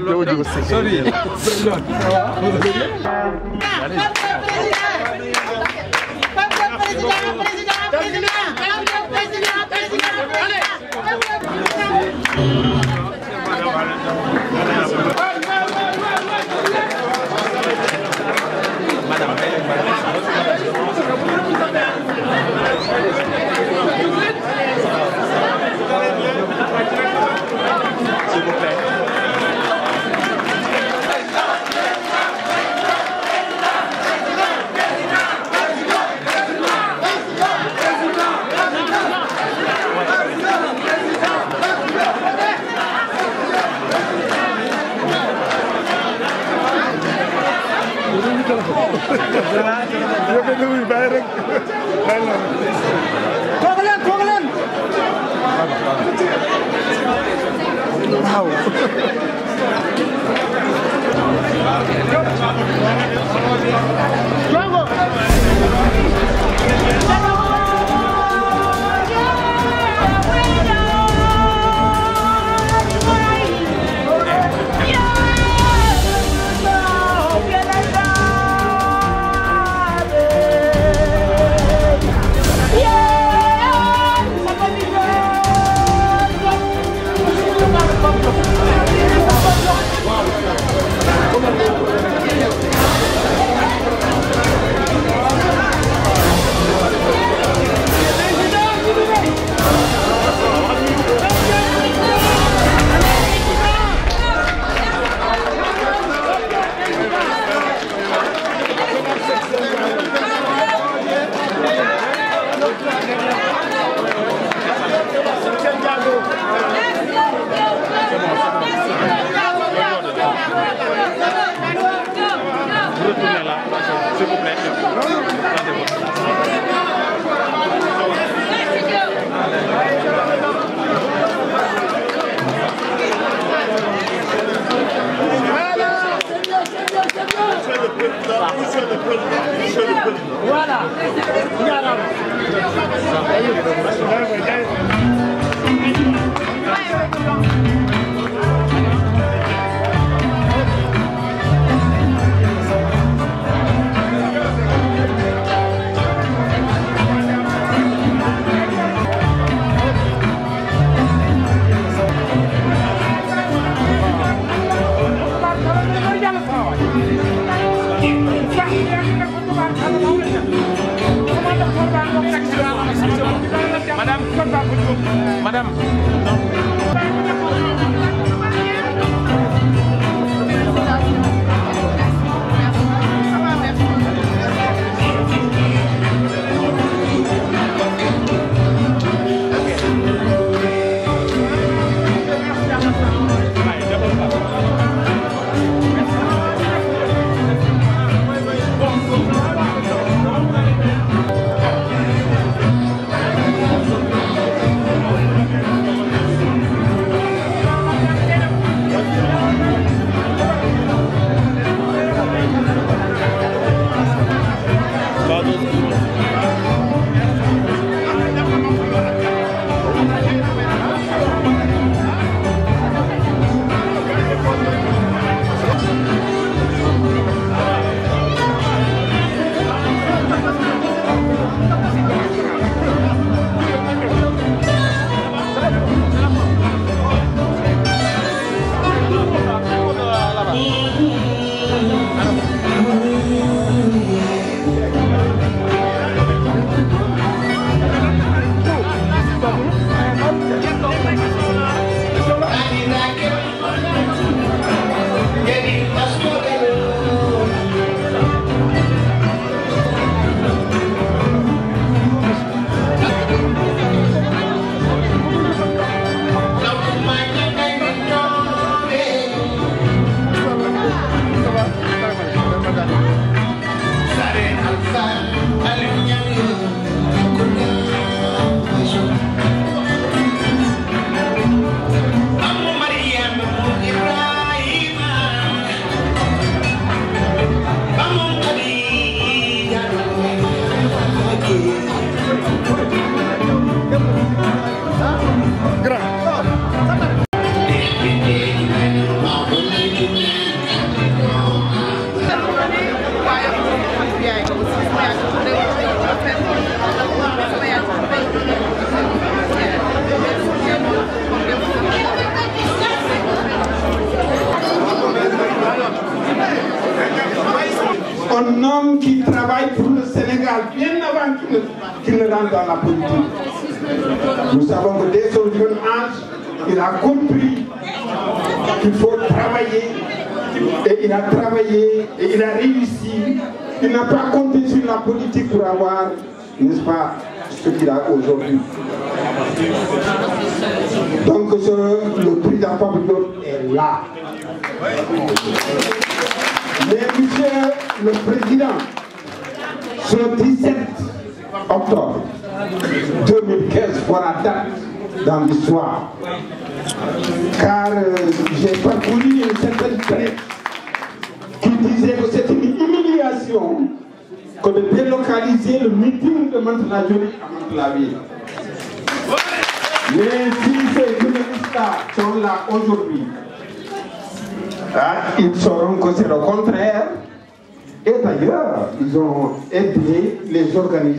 conteúdo de vocês. Yogadooey, Bayrak. Bayrak. Kogelin, Django. Voilà le Voilà le le Voilà. Voilà. madame.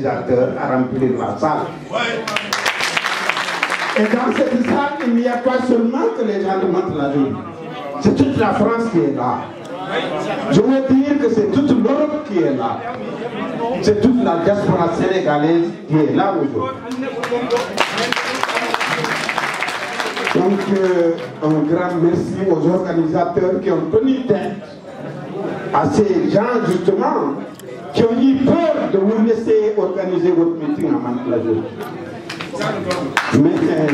à remplir la salle. Et dans cette salle, il n'y a pas seulement que les gens de la vie. C'est toute la France qui est là. Je veux dire que c'est toute l'Europe qui est là. C'est toute la diaspora sénégalaise qui est là aujourd'hui. Donc, euh, un grand merci aux organisateurs qui ont tenu tête à ces gens, justement, qui ont eu peur de vous laisser organiser votre meeting à Mantelajou. Mais euh,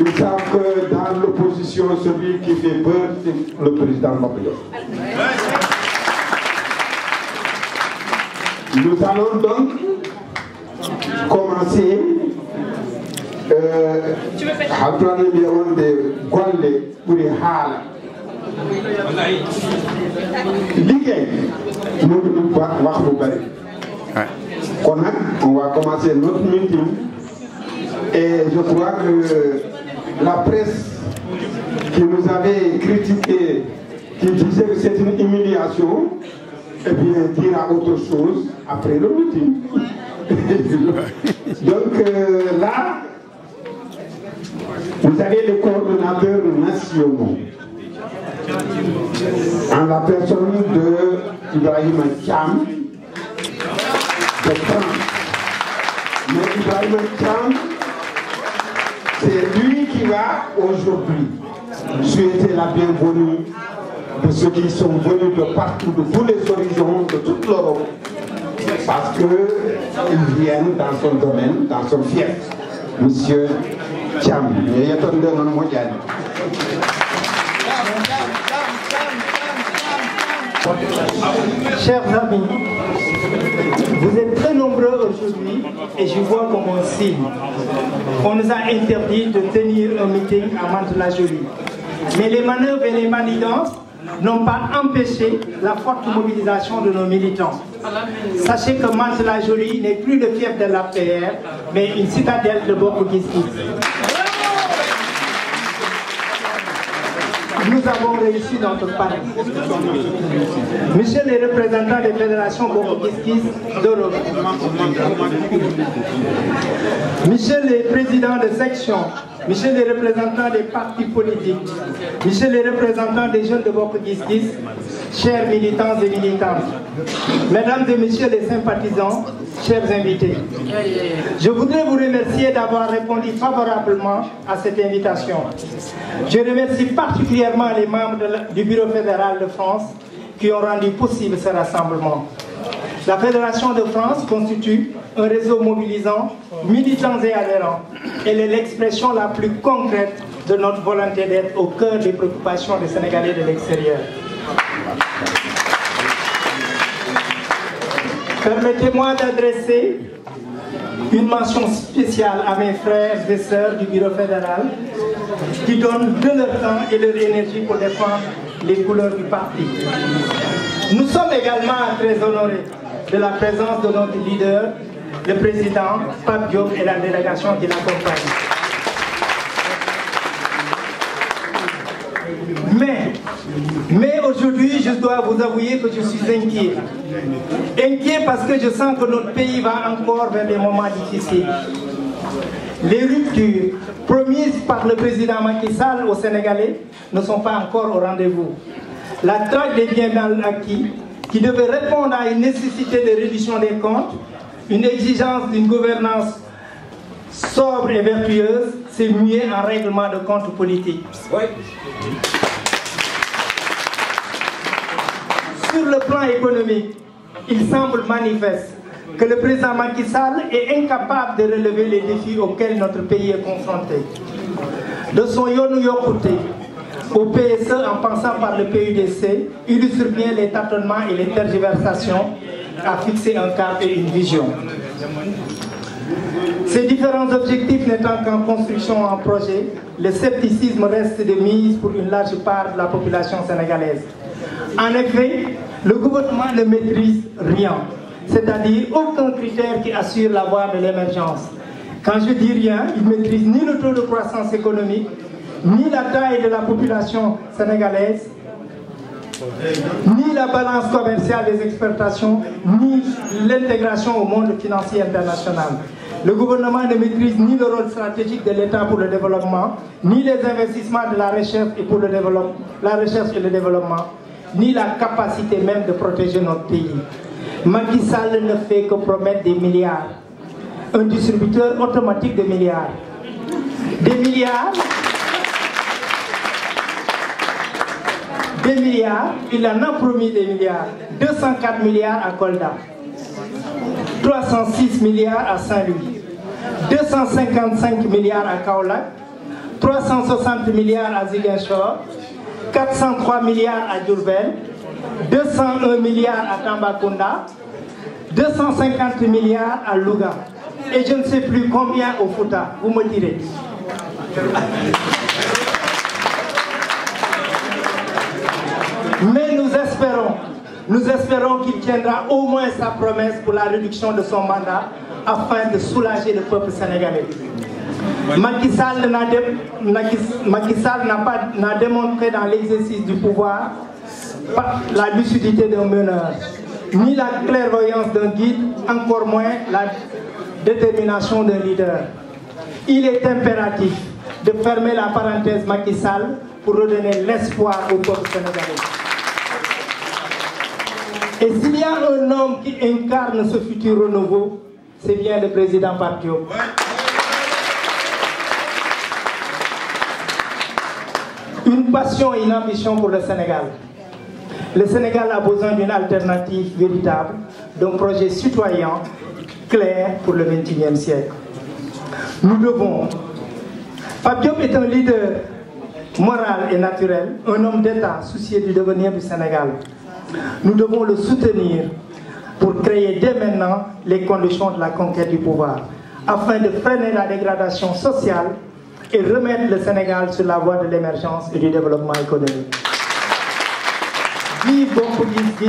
ils savent que dans l'opposition, celui qui fait peur, c'est le président Mabillon. Nous allons donc commencer à prendre le rôles de Gwale pour les Hala. Ligue. Nous, on va commencer notre meeting et je crois que la presse qui nous avait critiqué qui disait que c'est une humiliation eh bien dira autre chose après le meeting. Donc euh, là vous avez les coordonnateurs nationaux en la personne de Ibrahim Cham de Mais Ibrahim Cham, c'est lui qui va aujourd'hui souhaiter la bienvenue de ceux qui sont venus de partout, de tous les horizons, de toute l'Europe, parce qu'ils viennent dans son domaine, dans son fief. Monsieur Cham, il y a Chers amis, vous êtes très nombreux aujourd'hui et je vois comme un signe. On nous a interdit de tenir un meeting à Mantes-la-Jolie. Mais les manœuvres et les manigances n'ont pas empêché la forte mobilisation de nos militants. Sachez que Mantes-la-Jolie n'est plus le fief de la PR, mais une citadelle de beaucoup nous avons réussi notre part. Monsieur les représentants des fédérations Bokokiskis d'Europe, Monsieur les présidents de section, Monsieur les représentants des partis politiques, Monsieur les représentants des jeunes de Bokokiskis, chers militants et militantes, Mesdames et Messieurs les sympathisants, chers invités, je voudrais vous remercier d'avoir répondu favorablement à cette invitation. Je remercie particulièrement les membres du Bureau fédéral de France qui ont rendu possible ce rassemblement. La Fédération de France constitue un réseau mobilisant, militants et adhérent. Elle est l'expression la plus concrète de notre volonté d'être au cœur des préoccupations des Sénégalais de l'extérieur. Permettez-moi d'adresser une mention spéciale à mes frères et sœurs du Bureau fédéral qui donnent de leur temps et leur énergie pour défendre les couleurs du parti. Nous sommes également très honorés de la présence de notre leader, le président Pape Diop et la délégation qui l'accompagne. Mais aujourd'hui, je dois vous avouer que je suis inquiet. Inquiet parce que je sens que notre pays va encore vers des moments difficiles. Les ruptures promises par le président Macky Sall aux Sénégalais ne sont pas encore au rendez-vous. La traque des biens dans l'acquis, qui devait répondre à une nécessité de réduction des comptes, une exigence d'une gouvernance sobre et vertueuse, s'est muée en règlement de comptes politiques. Sur le plan économique, il semble manifeste que le président Macky Sall est incapable de relever les défis auxquels notre pays est confronté. De son Yonu Yokouté au PSE en passant par le PUDC, il bien les tâtonnements et les tergiversations à fixer un cadre et une vision. Ces différents objectifs n'étant qu'en construction en projet, le scepticisme reste de mise pour une large part de la population sénégalaise. En effet, le gouvernement ne maîtrise rien, c'est-à-dire aucun critère qui assure la voie de l'émergence. Quand je dis rien, il ne maîtrise ni le taux de croissance économique, ni la taille de la population sénégalaise, ni la balance commerciale des exportations, ni l'intégration au monde financier international. Le gouvernement ne maîtrise ni le rôle stratégique de l'État pour le développement, ni les investissements de la recherche et, pour le développement, la recherche et le développement ni la capacité même de protéger notre pays. Macky Sall ne fait que promettre des milliards. Un distributeur automatique de milliards. Des milliards Des milliards, il en a promis des milliards. 204 milliards à Kolda. 306 milliards à Saint-Louis. 255 milliards à Kaolac, 360 milliards à Ziguinchor. 403 milliards à Durban, 201 milliards à Tambacounda, 250 milliards à Louga, et je ne sais plus combien au Fouta, vous me direz. Mais nous espérons, nous espérons qu'il tiendra au moins sa promesse pour la réduction de son mandat afin de soulager le peuple sénégalais. Macky Sall n'a pas n'a démontré dans l'exercice du pouvoir la lucidité d'un meneur, ni la clairvoyance d'un guide, encore moins la détermination d'un leader. Il est impératif de fermer la parenthèse Macky Sall pour redonner l'espoir au peuple sénégalais. Et s'il y a un homme qui incarne ce futur renouveau, c'est bien le président Partio. une passion et une ambition pour le Sénégal. Le Sénégal a besoin d'une alternative véritable, d'un projet citoyen clair pour le 21e siècle. Nous devons. Fabio est un leader moral et naturel, un homme d'État soucié du devenir du Sénégal. Nous devons le soutenir pour créer dès maintenant les conditions de la conquête du pouvoir, afin de freiner la dégradation sociale et remettre le Sénégal sur la voie de l'émergence et du développement économique. Vive Bon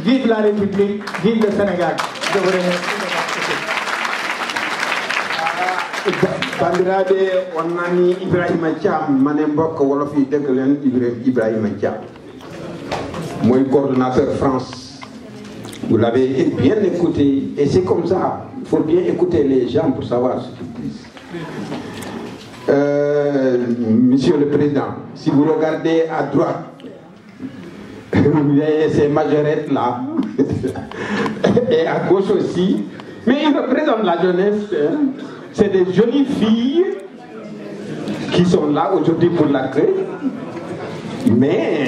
vive la République, vive le Sénégal. Je vous remercie. Bandirabe, on nani coordonnateur france vous l'avez bien écouté et c'est comme ça il faut bien écouter les gens pour savoir ce qu'ils disent euh, monsieur le Président, si vous regardez à droite, vous voyez ces majorettes-là, et à gauche aussi, mais ils représentent la jeunesse. Hein. C'est des jolies filles qui sont là aujourd'hui pour la créer, mais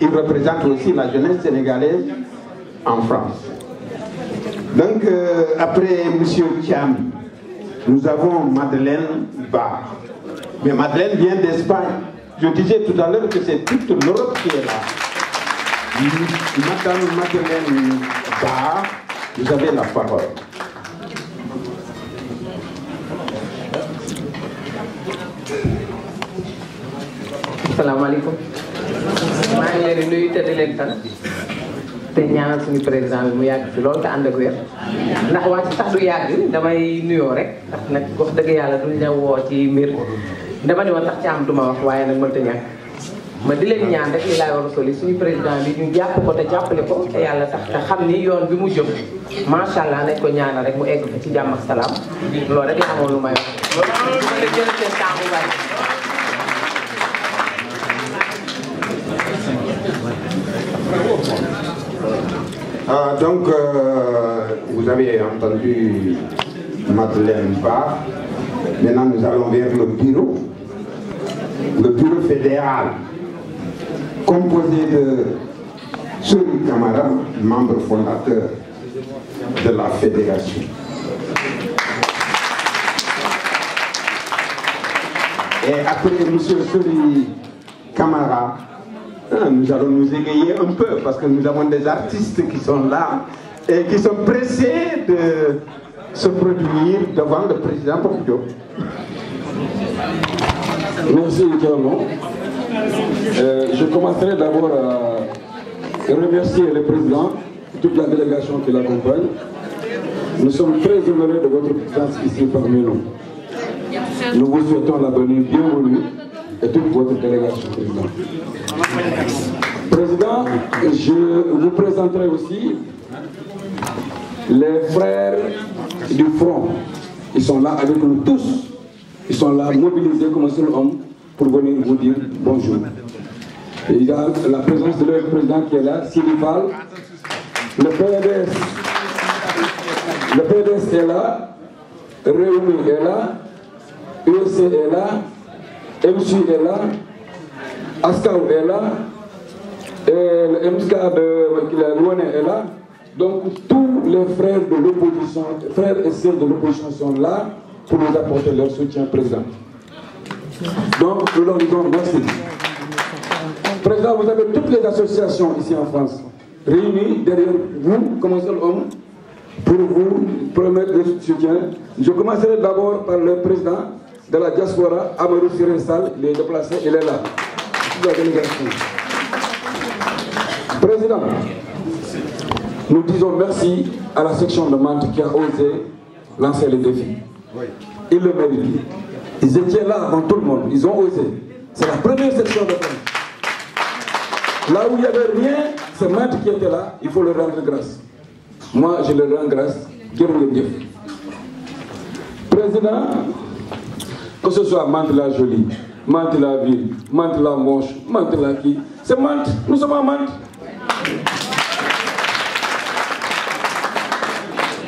ils représentent aussi la jeunesse sénégalaise en France. Donc, euh, après Monsieur Thiam, nous avons Madeleine Barre. Mais Madeleine vient d'Espagne. Je disais tout à l'heure que c'est toute l'Europe qui est là. Madame Madeleine vous avez la parole. Salam alaikum. Je suis di nuyu te di leen tan te ñaan président de mu yàgg fi loolu te ànd ak wér ndax wàcc sax du yàgg damay nuyoo rek Je suis wax la ah, donc, euh, vous avez entendu Madeleine Barre. Maintenant, nous allons vers le bureau le bureau fédéral, composé de suri Camara, membre fondateur de la fédération. Et après M. les Camara, hein, nous allons nous égayer un peu parce que nous avons des artistes qui sont là et qui sont pressés de se produire devant le président Popio. Merci éternellement. Euh, je commencerai d'abord à remercier le président, toute la délégation qui l'accompagne. Nous sommes très honorés de votre présence ici parmi nous. Nous vous souhaitons la bienvenue, bienvenue et toute votre délégation, président. Président, je vous présenterai aussi les frères du front. Ils sont là avec nous tous. Ils sont là, mobilisés comme un seul homme, pour venir vous dire bonjour. il y a la présence de leur président qui est là, Sidi Le PDS, le PDS est là, Réunis est là, EC est là, MC est là, Askao est là, et le MSK de Louane est là. Donc tous les frères de l'opposition, frères et sœurs de l'opposition sont là pour nous apporter leur soutien présent. Donc, nous leur disons merci. Président, vous avez toutes les associations ici en France réunies derrière vous, comme un seul homme, pour vous promettre le soutien. Je commencerai d'abord par le président de la diaspora, Amadou Sirensal, il est il est là. Président, nous disons merci à la section de Mantes qui a osé lancer le défi. Ils le méritent. Ils étaient là avant tout le monde. Ils ont osé. C'est la première section de France. Là où il n'y avait rien, c'est Mante qui était là. Il faut le rendre grâce. Moi, je le rends grâce. Dieu Président, que ce soit Mante la Jolie, Mante la Ville, Mante la Manche, Mante la qui, c'est Mante. Nous sommes à Mante.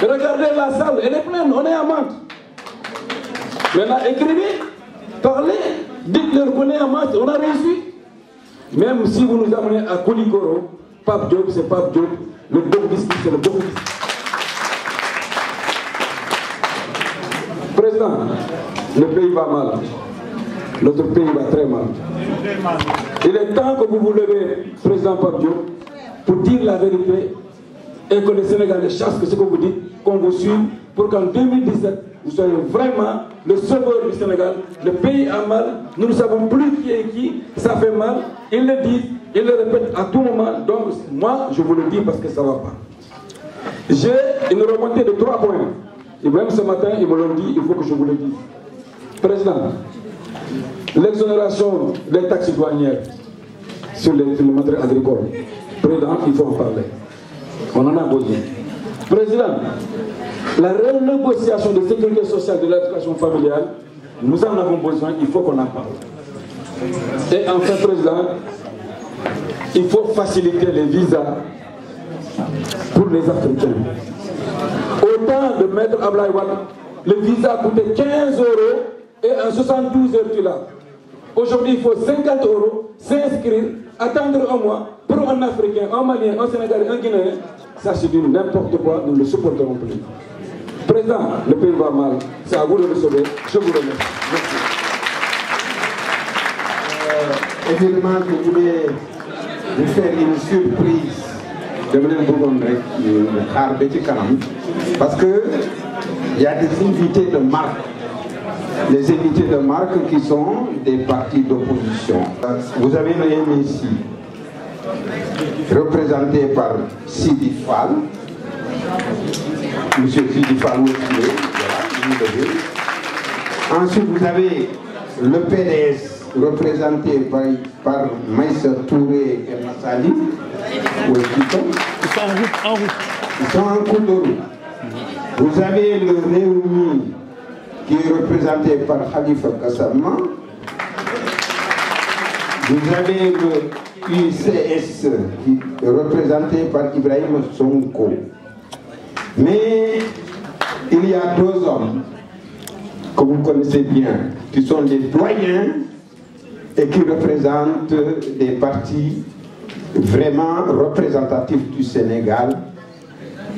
Regardez la salle, elle est pleine, on est à Mante. Maintenant, écrivez, parlez, dites-leur qu'on est en marche, on a réussi. Même si vous nous amenez à Koulikoro, Pape Diop, c'est Pape Diop, le bon biscuit, c'est le bon biscuit. Président, le pays va mal. Notre pays va très mal. Il est temps que vous vous levez, Président Pape Diop, pour dire la vérité et que les Sénégalais chassent ce que vous dites, qu'on vous suive, pour qu'en 2017, vous soyez vraiment le sauveur du Sénégal, le pays a mal, nous ne savons plus qui est qui, ça fait mal, ils le disent, ils le répètent à tout moment, donc moi je vous le dis parce que ça ne va pas. J'ai une remontée de trois points, et même ce matin ils me l'ont dit, il faut que je vous le dise. Président, l'exonération des taxes douanières sur les, sur agricoles, Président, il faut en parler. On en a besoin. Président, la renégociation de sécurité sociale de l'éducation familiale, nous en avons besoin, il faut qu'on en parle. Et enfin, Président, il faut faciliter les visas pour les Africains. Autant de mettre à le visa coûtait 15 euros et un 72 heures tu l'as. Aujourd'hui, il faut 50 euros, s'inscrire, attendre un mois pour un Africain, un Malien, un Sénégalais, un Guinéen. Ça, c'est n'importe quoi, nous ne le supporterons plus. Président, le pays va mal. C'est à vous de le sauver. Je vous remercie. Merci. Euh, évidemment, je voulais vous faire une surprise. de M. vous rek xaar ba parce que il y a des invités de marque les invités de marque qui sont des partis d'opposition. Vous avez le ici, représenté par Sidi Fall, M. Ensuite, vous avez le PDS représenté par, Maïs Touré et Massali. ils sont en route, Ils sont en de route. Vous avez le Réuni qui est représenté par Khalifa Kassama. Vous avez le UCS qui est représenté par Ibrahim Sonko. Mais il y a deux hommes que vous connaissez bien, qui sont des doyens et qui représentent des partis vraiment représentatifs du Sénégal.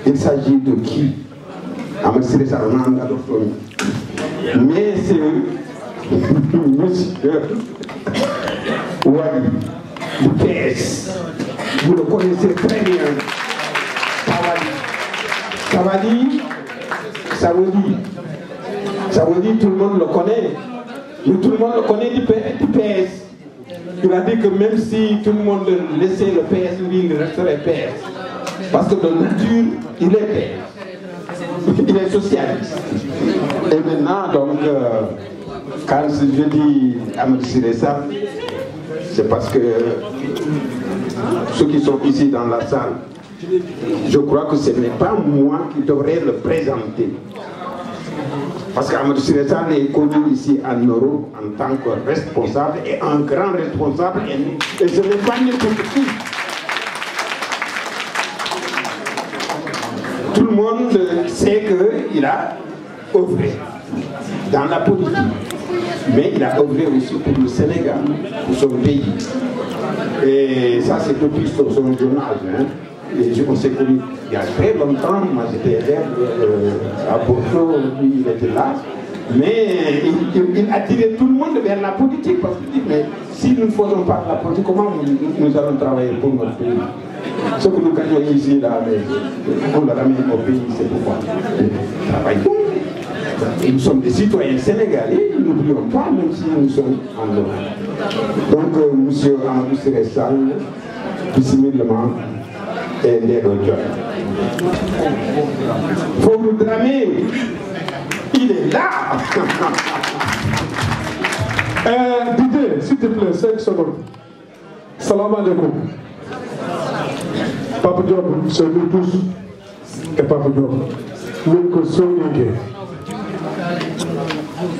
Il s'agit de qui Mais c'est monsieur Wadi Vous le connaissez très bien ça veut dire tout le monde le connaît. tout le monde le connaît du PS. Il a dit que même si tout le monde laissait le PS, lui, il resterait PS. Parce que de nature, il est PS. Il est socialiste. Et maintenant, donc, euh, quand je dis M. ça, c'est parce que ceux qui sont ici dans la salle je crois que ce n'est pas moi qui devrais le présenter. Parce qu'Amadou Siretan est connu ici à Europe en tant que responsable et un grand responsable et, ce n'est pas n'importe Tout le monde sait qu'il a œuvré dans la politique, mais il a œuvré aussi pour le Sénégal, pour son pays. Et ça, c'est tout plus son, son journal. Hein et on que lui, il y a très longtemps, moi j'étais euh, à Bordeaux, lui il était là. Mais il, il, attirait tout le monde vers la politique parce qu'il dit, mais si nous ne faisons pas la politique, comment nous, allons travailler pour notre pays Ce que nous gagnons ici, là, mais, on le ramener au pays, c'est pourquoi nous sommes des citoyens sénégalais, nous n'oublions pas, même si nous sommes en Europe. Donc, euh, monsieur André euh, Séressal, humblement et il faut vous dramé il est là euh, Didier, s'il te plaît, 5 secondes. Salam alaikum. Papa Diop, c'est nous tous et Papa Diop. que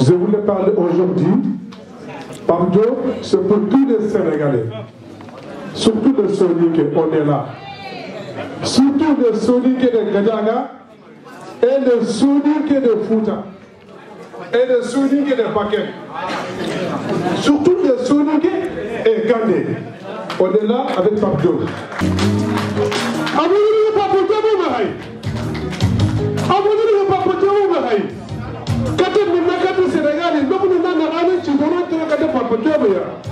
Je voulais parler aujourd'hui, Papa Diop, c'est pour tous les Sénégalais. Surtout les Sénégalais, on est là. surtout de soninke de gadanga et de soninke de futa et de soninke de paquet surtout de soninke et gandé on est là avec papdio abudiri papdio mumahay abudiri papdio mumahay kati munna kati sénégal ndomu nana ani ci bonon tere kati papdio mumahay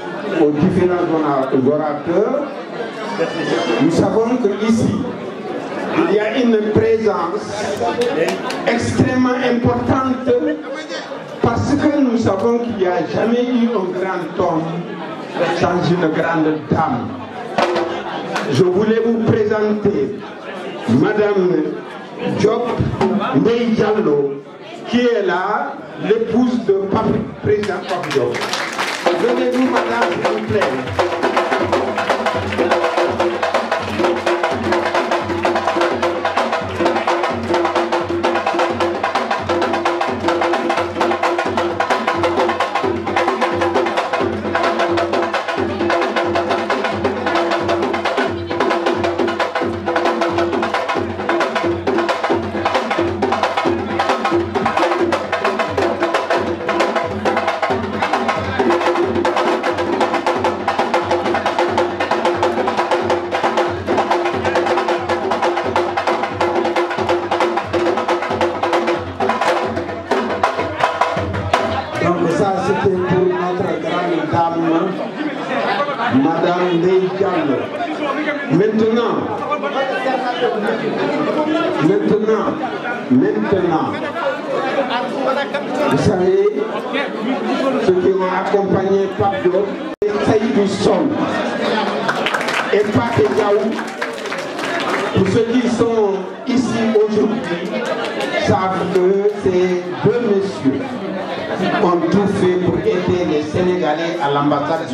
aux différents orateurs, nous savons qu'ici, il y a une présence extrêmement importante parce que nous savons qu'il n'y a jamais eu un grand homme sans une grande dame. Je voulais vous présenter Madame Diop Ney qui est là, l'épouse de Pape, président Bienvenue, madame, s'il vous plaît.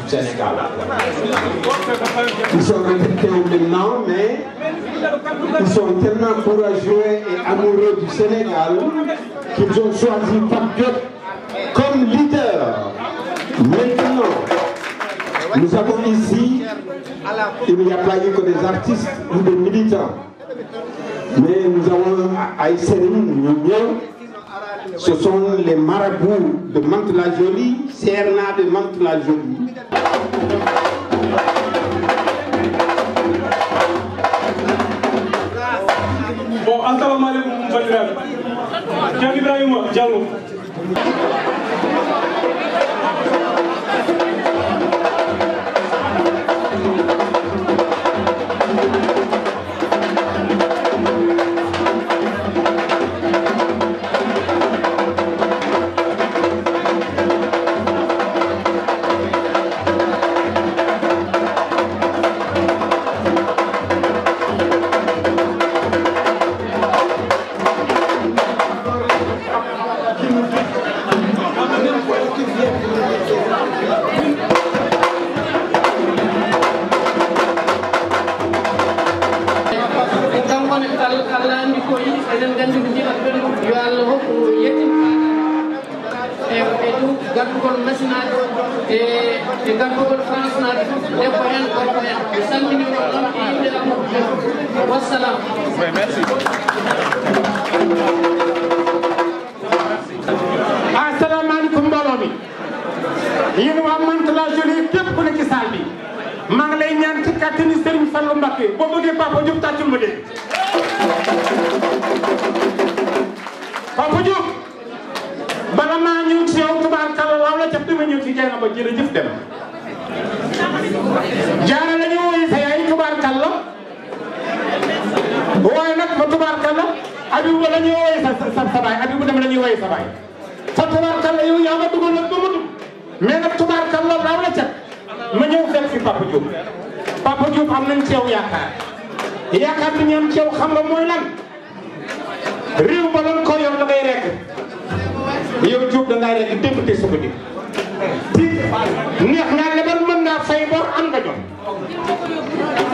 Sénégal. Ils sont retraités maintenant, mais ils sont tellement courageux et amoureux du Sénégal qu'ils ont choisi Fabio comme leader. Maintenant, nous avons ici, il n'y a pas eu que des artistes ou des militants, mais nous avons à ce sont les marabouts de Mante la jolie Serna de mante la jolie démb te suba ji neex naa lebal mën naa fay bor am nga jot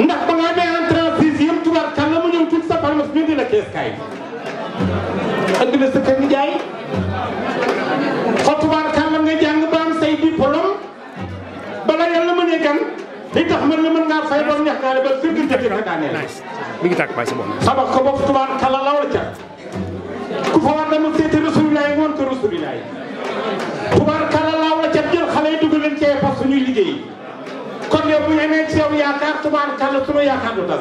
ndax ba nga amee entreprise yëpp tubaab kan la mu ñëw tuuti sa palmas bi di la kees kaay andi la sa kër njaay fa tubaab kan la nga jàng ba am say diplôme bala yàlla mënee gan li tax man la mën naa fay bor neex naa lebal firgil jëfi rek daa neex mi ngi tàkk bàyyi sa bopp sabax ko bopp tubaab kan la law la ca ku fa war dama seeti rasulilaay woon ko rasulilaay ñoom suñuy liggéey kon yow bu ñu amee ci yow yaakaar tubaab kàlla sunu yaakaar du tas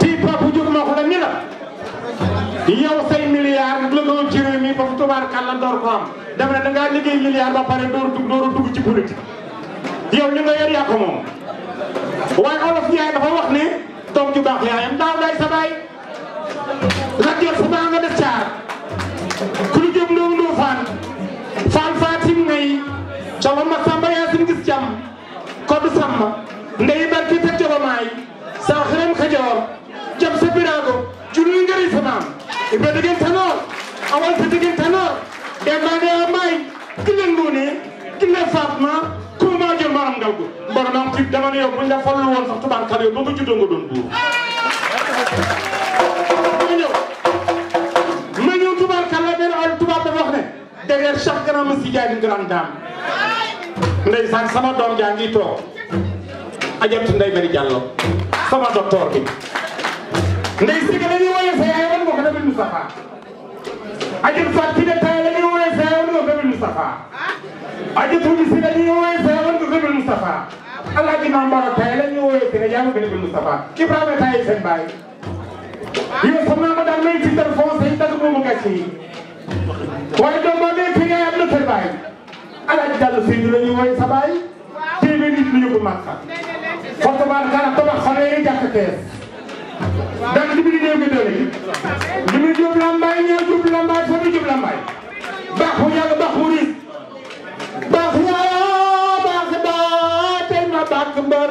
tii papa jóg ko la ni la yow say milliards la doon ci réew ba fa tubaab kàlla door da ngaa liggéey milliards ba pare dug door dugg ci politique yow li nga yor yaa ko moom dafa wax ne doom ju baax yaayam daaw day sa la jël sa nga def caar ku lu jëm ndoo ndoo faan faan faatim ngay cogo ma samba yasin gis cam kodu samma ndeyi barki ta cogo maay sa xerem kajoor jam sa birago julli ngari samaam ibe degen tanoor awal ta degen tanoor dembaade a maay kille nguuni kille fatma kuma jël maram ngal gu mbor maam tib dama ne yow buñ la fallu woon sax tubaab kale yow ba nga juddoo nga doon buur ma ñëw ma ñëw tubaab kala benn al tubaab ne derrière chaque grand monsieur jaay une grande dame ndeysaan sama doom jaa ngi toog ajabtu Ndeye Marie Diallo sama docteur bi ndey Siga la ñuy woowee sa yaay wan ma ko Nabil Moustapha ajab Fatou Tine Taye la ñuy woowee sa yaay wan ma ko Nabil Moustapha ajab Toudi Sy la ñuy woowee sa yaay wan ma ko Nabil Moustapha Alaaji Maam Baro Taye la ñuy woowee sa yaay wan ma ko Nabil Moustapha waaye doom boo dee fi yaay am na sa baay alaaj jàll si la ñuy woy sa baay téeméer nit ñu yóbbu Màkka foofu maa dara tabax xale yi jàkk kees ndax li muy néew gi doole li muy jub lambaay ñaar jub lambaay fa muy jub lambaay baax bu yàlla baax bu riis baax yàlla baax daa tey ma baax mbër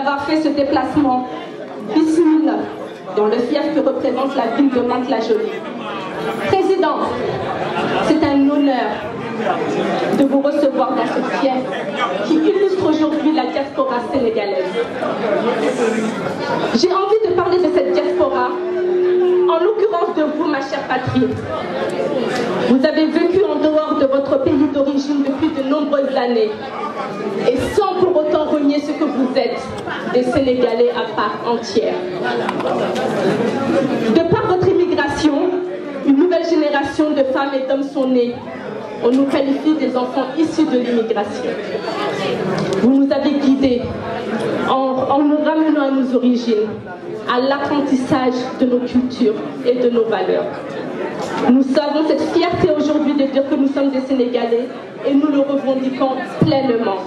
d'avoir fait ce déplacement bismillah dans le fief que représente la ville de Mantes-la-Jolie. Président, c'est un honneur de vous recevoir dans ce fief qui illustre aujourd'hui la diaspora sénégalaise. J'ai envie de parler de cette diaspora, en l'occurrence de vous, ma chère patrie. Vous avez vécu en dehors de votre pays depuis de nombreuses années et sans pour autant renier ce que vous êtes, des Sénégalais à part entière. De par votre immigration, une nouvelle génération de femmes et d'hommes sont nés. On nous qualifie des enfants issus de l'immigration. Vous nous avez guidés en nous ramenant à nos origines, à l'apprentissage de nos cultures et de nos valeurs. Nous savons cette fierté aujourd'hui de dire que nous sommes des Sénégalais et nous le revendiquons pleinement.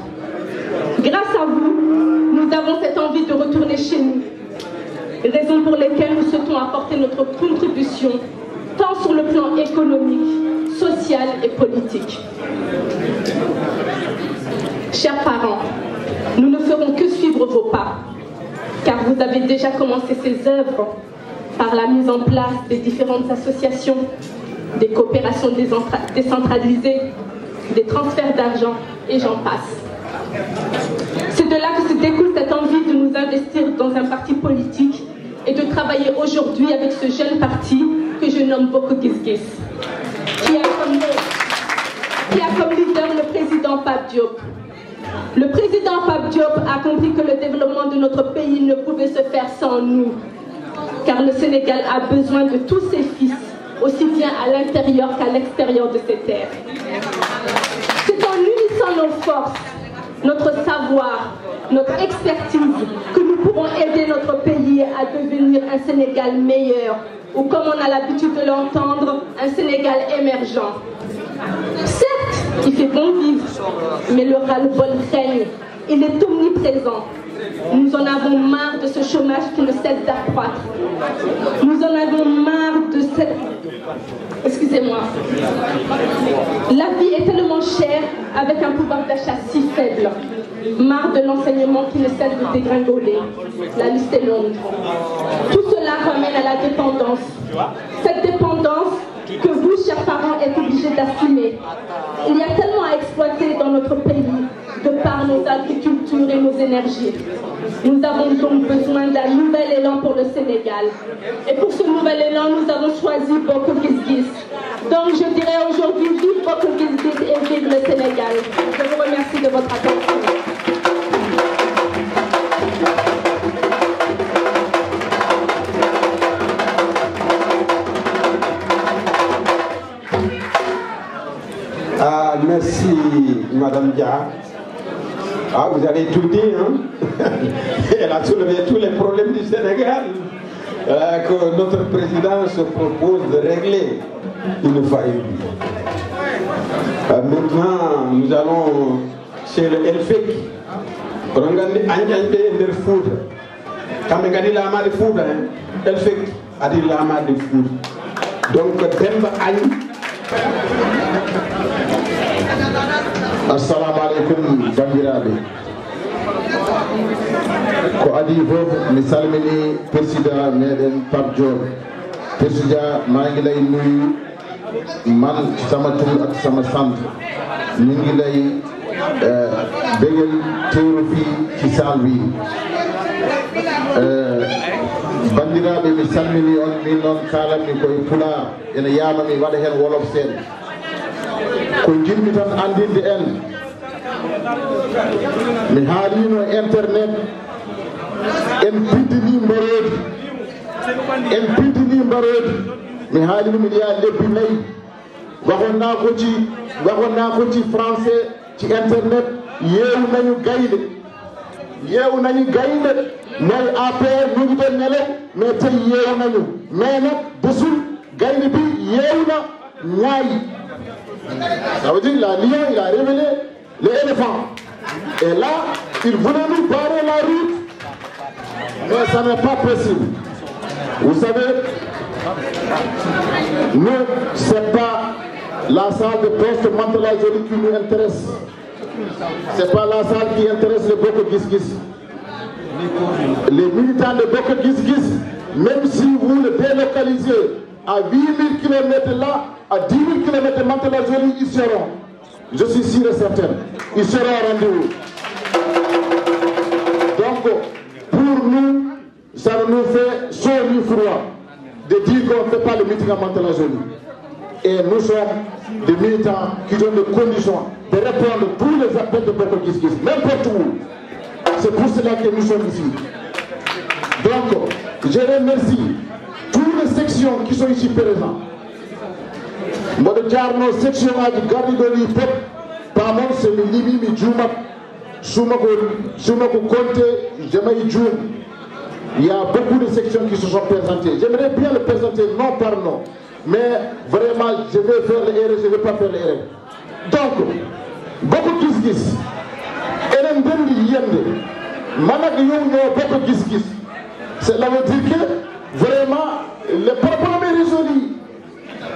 Grâce à vous, nous avons cette envie de retourner chez nous, raison pour laquelle nous souhaitons apporter notre contribution tant sur le plan économique, social et politique. Chers parents, nous ne ferons que suivre vos pas, car vous avez déjà commencé ces œuvres par la mise en place des différentes associations, des coopérations décentralisées, des transferts d'argent et j'en passe. C'est de là que se découle cette envie de nous investir dans un parti politique et de travailler aujourd'hui avec ce jeune parti que je nomme Boko Gizgis, qui a comme, qui a comme leader le président Pape Diop. Le président Pape Diop a compris que le développement de notre pays ne pouvait se faire sans nous, car le Sénégal a besoin de tous ses fils, aussi bien à l'intérieur qu'à l'extérieur de ses terres. C'est en unissant nos forces, notre savoir, notre expertise, que nous pourrons aider notre pays à devenir un Sénégal meilleur, ou comme on a l'habitude de l'entendre, un Sénégal émergent. Certes, il fait bon vivre, mais le ras-le-bol règne, il est omniprésent. Nous en avons marre de ce chômage qui ne cesse d'accroître. Nous en avons marre de cette... Excusez-moi. La vie est tellement chère avec un pouvoir d'achat si faible. Marre de l'enseignement qui ne cesse de dégringoler. La liste est longue. Tout cela ramène à la dépendance. Cette dépendance que vous, chers parents, êtes obligés d'assumer. Il y a tellement à exploiter dans notre pays par nos agricultures et nos énergies. Nous avons donc besoin d'un nouvel élan pour le Sénégal. Et pour ce nouvel élan, nous avons choisi Boko Gizgis. Donc je dirais aujourd'hui, vive Boko Gizgis et vive le Sénégal. Je vous remercie de votre attention. Ah, merci, Madame Dia. Ah, vous avez tout dit, hein Elle a soulevé tous les problèmes du Sénégal euh, que notre président se propose de régler. Il nous faut maintenant, nous allons chez le Elfek. Rongandi Anjalde Nder Food. Kamengadi Lama de Food, hein Elfek a dit Lama de Food. Donc, à Agne. assalamu aleykum bandiraɓe ko adi foof mi salmini président meɗen pape dior président maguilay nuyu man sama tur ak sama sante minguilay ngi lay eh, bégal teeru ci sal bi eh, bandiraɓe mi salmini on min noon kalatmi koye pulaar ene yamami waɗa hen wolof seeɗa ko jinmi tan andinde en mi haalino internet en pintini mbaroodi en pintini mbaroodi mi haalino miɗa yaha lebbi nayyi wagonnakoji wagonnakoji français ci internet yewu nañu gayde yewu nañu gayde noy apr ñugi ɓen ñele mais tawi yewu nañu mais nak bosul gayde bi yewna ñaayi Ça veut dire qu'il a lié, il a révélé l'éléphant. Et là, il voulait nous barrer la route, mais ça n'est pas possible. Vous savez, nous, ce pas la salle de poste Mantelazoli qui nous intéresse. c'est pas la salle qui intéresse le Boko Gis Les militants de Boko Gis même si vous le délocalisez à 8000 km là, à 10 000 km de Mantes-la-Jolie, ils seront. Je suis sûr et certain. Ils seront à rendez-vous. Donc, pour nous, ça nous fait chaud froid de dire qu'on ne fait pas le meeting à la jolie Et nous sommes des militants qui donnent les conditions de répondre pour tous les appels de Boko Kiskis, n'importe où. C'est pour cela que nous sommes ici. Donc, je remercie toutes les sections qui sont ici présentes mboɗo jarno section ngaji garɗiɗon i fop pamon somi suma ko suma ko compté jamayi juum il y a beaucoup de sections qui se sont présentées j'aimerais bien le présenter nom par nom mais vraiment je vais faire les erreurs je ne vais pas faire les erreurs donc de gis-gis eɗen ndendi Yende. manak yowño beaucoup gis-gis cela veut dire que vraiment le problème est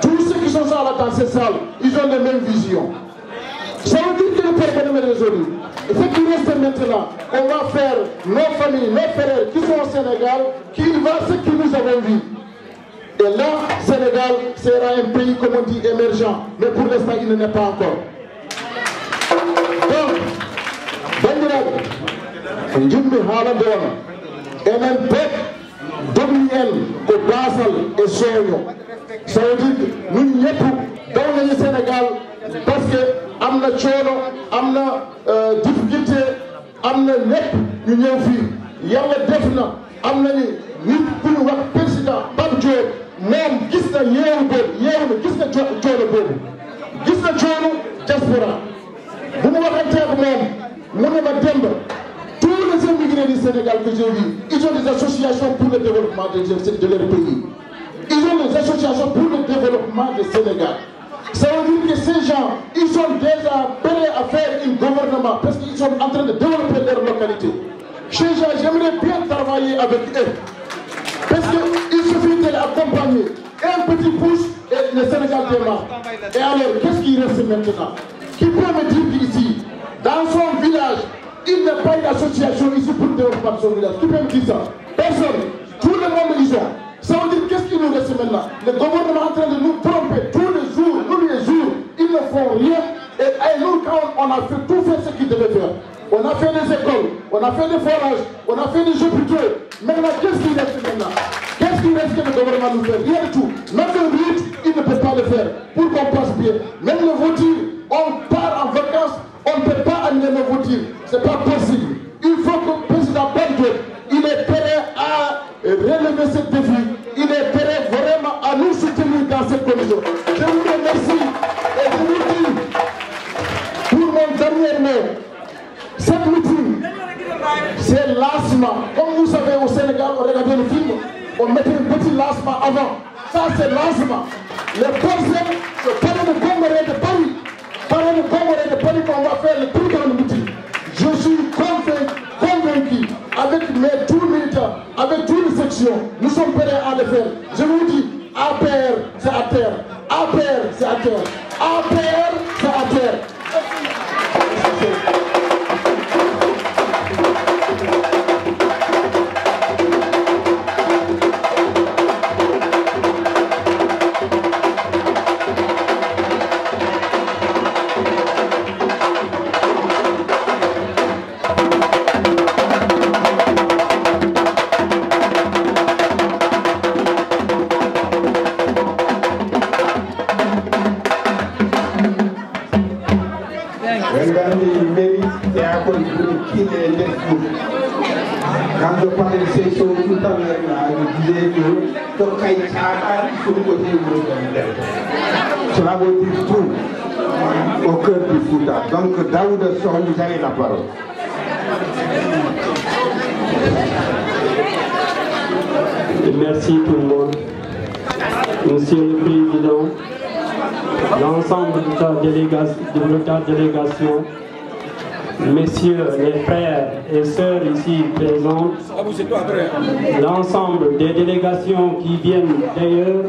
tous ceux qui sont là dans ces salles, ils ont les mêmes visions. Ça veut dire que le Père des est résolu. Et ce qui reste maintenant, on va faire nos familles, nos frères qui sont au Sénégal, qu'ils voient ce que nous avons vu. Et là, Sénégal sera un pays, comme on dit, émergent. Mais pour l'instant, il n'est est pas encore. Donc, ça veut dire que ñun pas dans le Sénégal parce que nous avons des difficultés, nous difficulté des na ñu ñëw nous nous def na défis, nous nit wax président des défis, nous gis na défis, nous na gis na des gis na diaspora bu Nous waxantee ak mom mu ne ma défis, tous les immigrés du Sénégal que j'ai vu, ils ont des associations pour le développement de de leur pays ils ont des associations pour le développement du Sénégal. Ça veut dire que ces gens, ils sont déjà prêts à faire un gouvernement parce qu'ils sont en train de développer leur localité. Ces j'aimerais bien travailler avec eux. Parce qu'il suffit de les Un petit pouce et le Sénégal démarre. Et alors, qu'est-ce qui reste maintenant Qui peut me dire qu'ici, dans son village, il n'y a pas d'association ici pour développer son village Qui peut me dire ça Personne. Tout le monde est ça veut dire qu'est-ce qu'il nous reste maintenant Le gouvernement est en train de nous tromper tous les jours, tous les jours. Ils ne font rien. Et, nous, quand on a fait tout fait ce qu'il devait faire, on a fait des écoles, on a fait des forages, on a fait des jeux hôpitaux. Maintenant, qu'est-ce qu'il reste maintenant Qu'est-ce qu'il reste que le gouvernement nous fait Rien du tout. Même le rite, il ne peut pas le faire pour qu'on passe bien. Même le voiture, on part en vacances, on ne peut pas amener le voitures. Ce n'est pas possible. Il faut que le président Biden il est prêt à relever ce défi. Il est prêt vraiment à nous soutenir dans cette commission. Je vous remercie et je vous dis, pour mon dernier mot, cette meeting, c'est l'asma. Comme vous savez, au Sénégal, on regardait le film, on mettait un petit l'asma avant. Ça, c'est lancement. Le personnes, c'est le de Paris. Par le de Paris qu'on va faire le plus grand avec mes, tous les avec toutes les sections, nous sommes prêts à le faire. Je vous dis, APR, c'est à terre. APR, c'est à terre. APR, c'est à terre. côté de Cela veut dire tout au cœur du Fouta. Donc, Daoud Son, vous avez la parole. Merci tout le monde. Monsieur le Président, l'ensemble de, votre délégation, messieurs les frères et sœurs ici présents, ah, l'ensemble des délégations qui viennent d'ailleurs,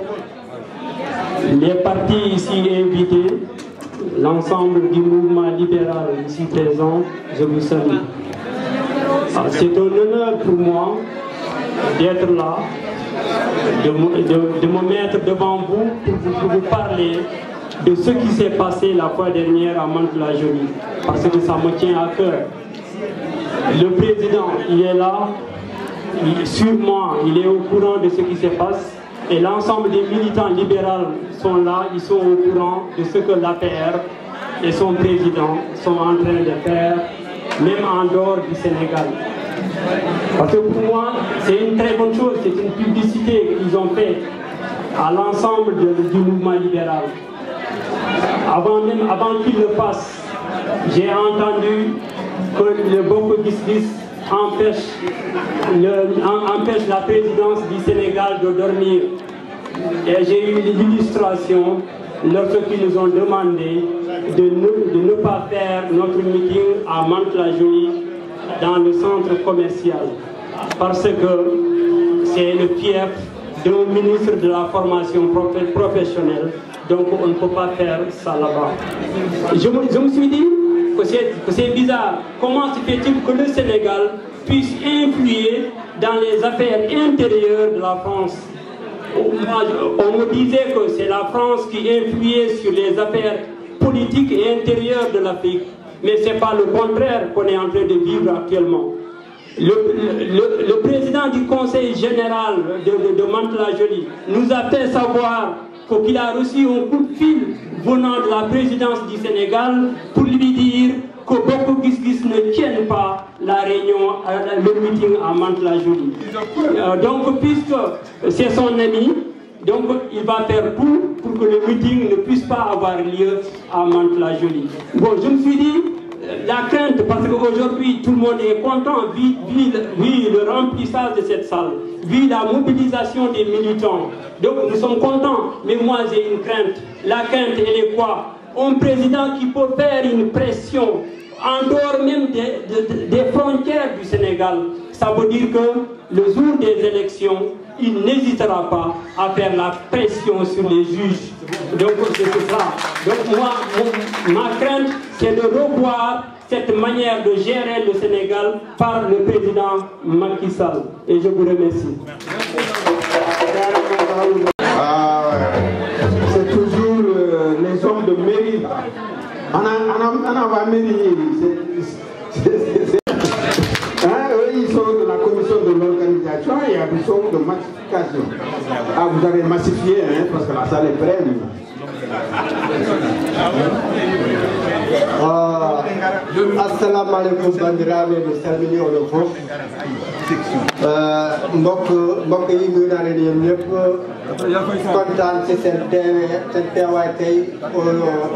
les partis ici invités, l'ensemble du mouvement libéral ici présent, je vous salue. Ah, c'est un honneur pour moi d'être là, de, me mettre devant vous, pour vous parler de ce qui s'est passé la fois dernière à Mantes-la-Jolie, parce que ça me tient à cœur. Le président, il est là, sûrement, il est au courant de ce qui se passe, et l'ensemble des militants libéraux sont là, ils sont au courant de ce que l'APR et son président sont en train de faire, même en dehors du Sénégal. Parce que pour moi, c'est une très bonne chose, c'est une publicité qu'ils ont faite à l'ensemble du mouvement libéral. Avant même, avant qu'il le passe, j'ai entendu que le Boko empêche, la présidence du Sénégal de dormir. Et j'ai eu l'illustration lorsqu'ils nous ont demandé de ne, pas faire notre meeting à mante la jolie dans le centre commercial. Parce que c'est le fief d'un ministre de la formation professionnelle donc on ne peut pas faire ça là-bas. Je, me suis dit que c'est bizarre. Comment se fait-il que le Sénégal puisse influer dans les affaires intérieures de la France on me disait que c'est la France qui influait sur les affaires politiques et intérieures de l'Afrique. Mais ce n'est pas le contraire qu'on est en train de vivre actuellement. Le, président du Conseil général de, de, nous a fait savoir qu'il a reçu un coup de fil venant de la présidence du Sénégal pour lui dire que beaucoup Gis ne tiennent pas la réunion, euh, le meeting à Mantes-la-Jolie. Euh, donc, puisque c'est son ami, donc il va faire tout pour que le meeting ne puisse pas avoir lieu à Mantes-la-Jolie. Bon, je me suis dit, la crainte, parce qu'aujourd'hui tout le monde est content, vu, le remplissage de cette salle, vu la mobilisation des militants. Donc nous sommes contents, mais moi j'ai une crainte. La crainte, elle est quoi Un président qui peut faire une pression en dehors même des frontières du Sénégal ça veut dire que le jour des élections, il n'hésitera pas à faire la pression sur les juges. Donc, c'est ça. Donc, moi, ma crainte, c'est de revoir cette manière de gérer le Sénégal par le président Macky Sall. Et je vous remercie. Ah, c'est toujours euh, les hommes de mairie. On en va mairie. d'utilisation et besoin de massification. Ah, vous avez massifié, hein, parce que la salle est pleine. Ah, assalamu alaikum Bandirame, mi salmini oɗon fof euh, mbokk mbokk yi nuyu naa leen yéen ñëpp kontaan ci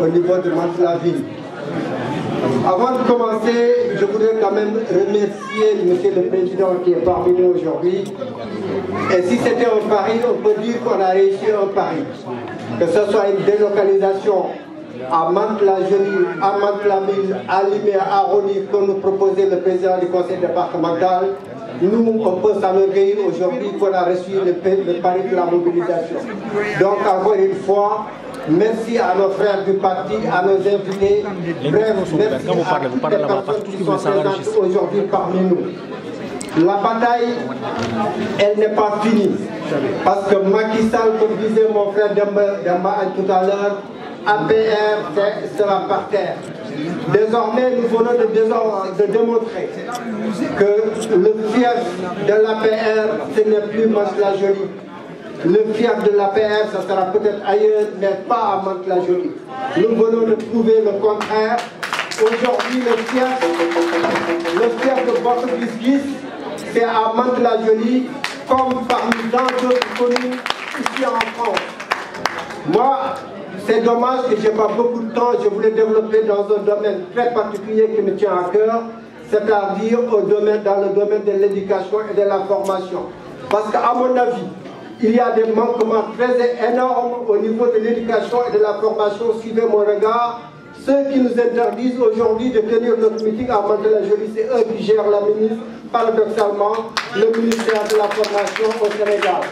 au niveau de Mantes la ville avant de commencer, je voudrais quand même remercier Monsieur le Président qui est parmi nous aujourd'hui. Et si c'était un Paris, on peut dire qu'on a réussi un pari. Que ce soit une délocalisation à mantes la à mantes la à Limé, à Rony, comme nous proposait le président du conseil départemental, nous, on peut réveiller aujourd'hui qu'on a reçu le, le pari de la mobilisation. Donc, encore une fois, Merci à nos frères du parti, à nos invités. Bref, merci à toutes les personnes qui sont présentes aujourd'hui parmi nous. La bataille, elle n'est pas finie. Parce que Macky Sall, comme disait mon frère Demba tout à l'heure, APR sera par terre. Désormais, nous venons de, démontrer que le fief de l'APR, ce n'est plus Masla le fief de la PR, ça sera peut-être ailleurs, mais pas à Mantes-la-Jolie. Nous venons de prouver le contraire. Aujourd'hui, le fief, le votre de votre c'est à Mantes-la-Jolie, comme parmi d'autres communes ici en France. Moi, c'est dommage que je n'ai pas beaucoup de temps. Je voulais développer dans un domaine très particulier qui me tient à cœur, c'est-à-dire dans le domaine de l'éducation et de la formation. Parce qu'à mon avis, il y a des manquements très énormes au niveau de l'éducation et de la formation. Suivez mon regard. Ceux qui nous interdisent aujourd'hui de tenir notre meeting avant de la jolie c'est eux qui gèrent la ministre, paradoxalement, le ministère de la Formation au Sénégal.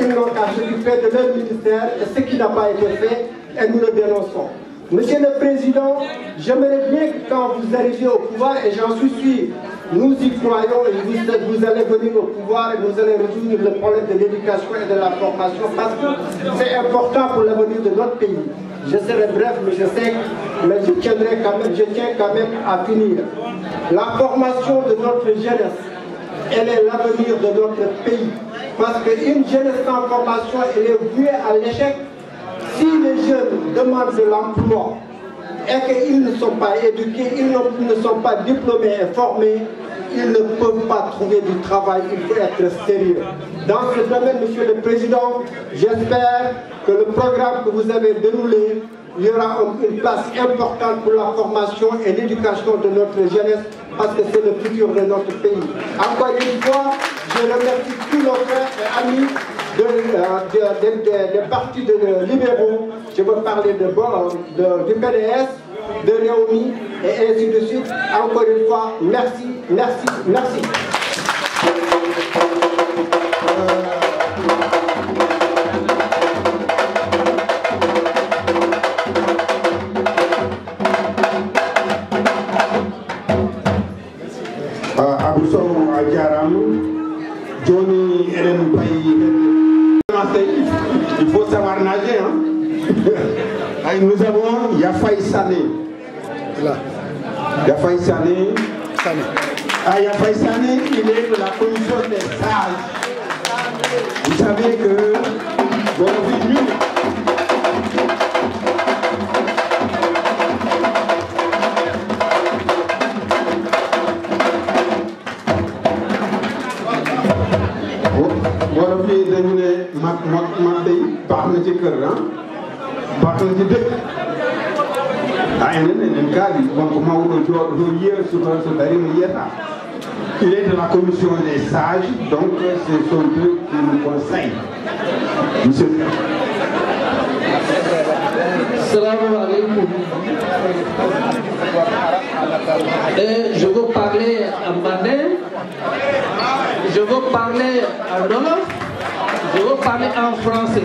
Ils n'ont du fait de leur ministère, ce qui n'a pas été fait, et nous le dénonçons. Monsieur le Président, j'aimerais bien que quand vous arrivez au pouvoir, et j'en suis sûr, nous y croyons et vous, allez venir au pouvoir et vous allez résoudre le problème de l'éducation et de la formation parce que c'est important pour l'avenir de notre pays. Je serai bref, mais je sais, mais je, je tiens quand même à finir. La formation de notre jeunesse, elle est l'avenir de notre pays. Parce qu'une jeunesse sans formation, elle est vouée à l'échec. Si les jeunes demandent de l'emploi, et qu'ils ne sont pas éduqués, ils ne sont pas diplômés et formés, ils ne peuvent pas trouver du travail, il faut être sérieux. Dans ce domaine, Monsieur le Président, j'espère que le programme que vous avez déroulé, il y aura une place importante pour la formation et l'éducation de notre jeunesse, parce que c'est le futur de notre pays. Encore une fois, je remercie tous nos frères et amis de, euh, des de, libéraux, je veux parler de, du PDS, de Naomi et ainsi de suite. Encore une fois, merci, merci, merci. Euh, Johnny Ellen Baye nous avons Yafai Sané. Là. Sané. Ah, yafai Sané, il est de la commission des sages. Vous savez que. Bon, oui, Bonne yi de ne mag mag mag batoje debɓi aynen Non, non, wonko mawɗo jooɗo to yiya so toon le darima yiyata il est de la commission des sages donc ce sont deux qui nous conseillent monsieur Salam alaikum. Et je veux parler en manais, je veux parler en olof, je veux parler en français.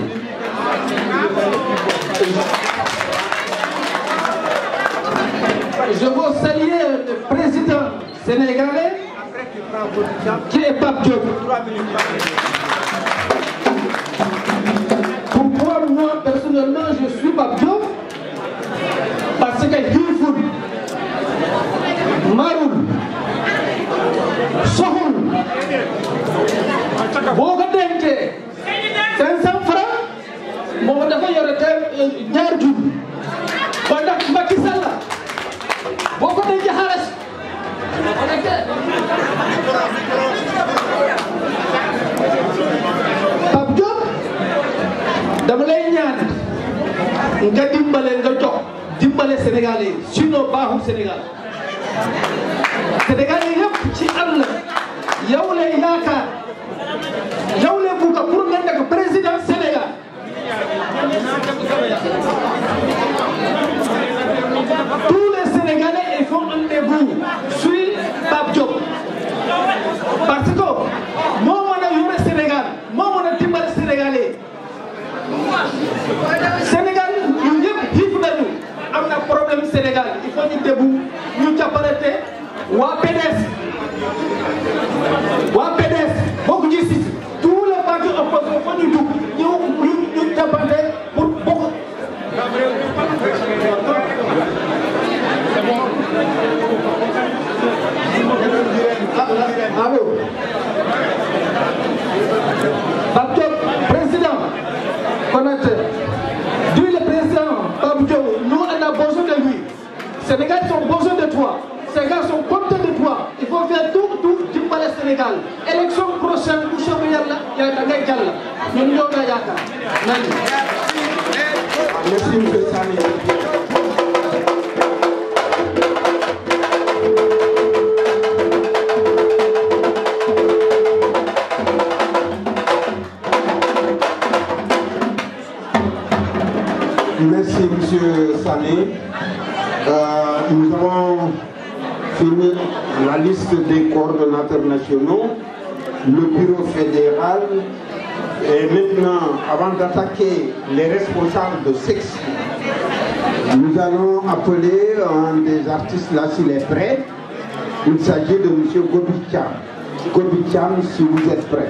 Je veux saluer le président sénégalais qui est Pape Diop. Pourquoi moi personnellement je suis Pape Diop Parce que Maroul, Sohoul, ñaari tur ba ndax Macky Sall boo ko dee jaxaras Pape Diop dama lay ñaan nga dimbale nga jox dimbale Sénégalais yi sinon Sénégal Sénégalais yëpp ci am na yow lay yaakaar tamit Sénégal il faut ñu débu ñu jàppalante waa PDS le bureau fédéral et maintenant, avant d'attaquer les responsables de sexe nous allons appeler un des artistes là s'il est prêt. Il s'agit de monsieur Gobicham. Gobicham, si vous êtes prêt.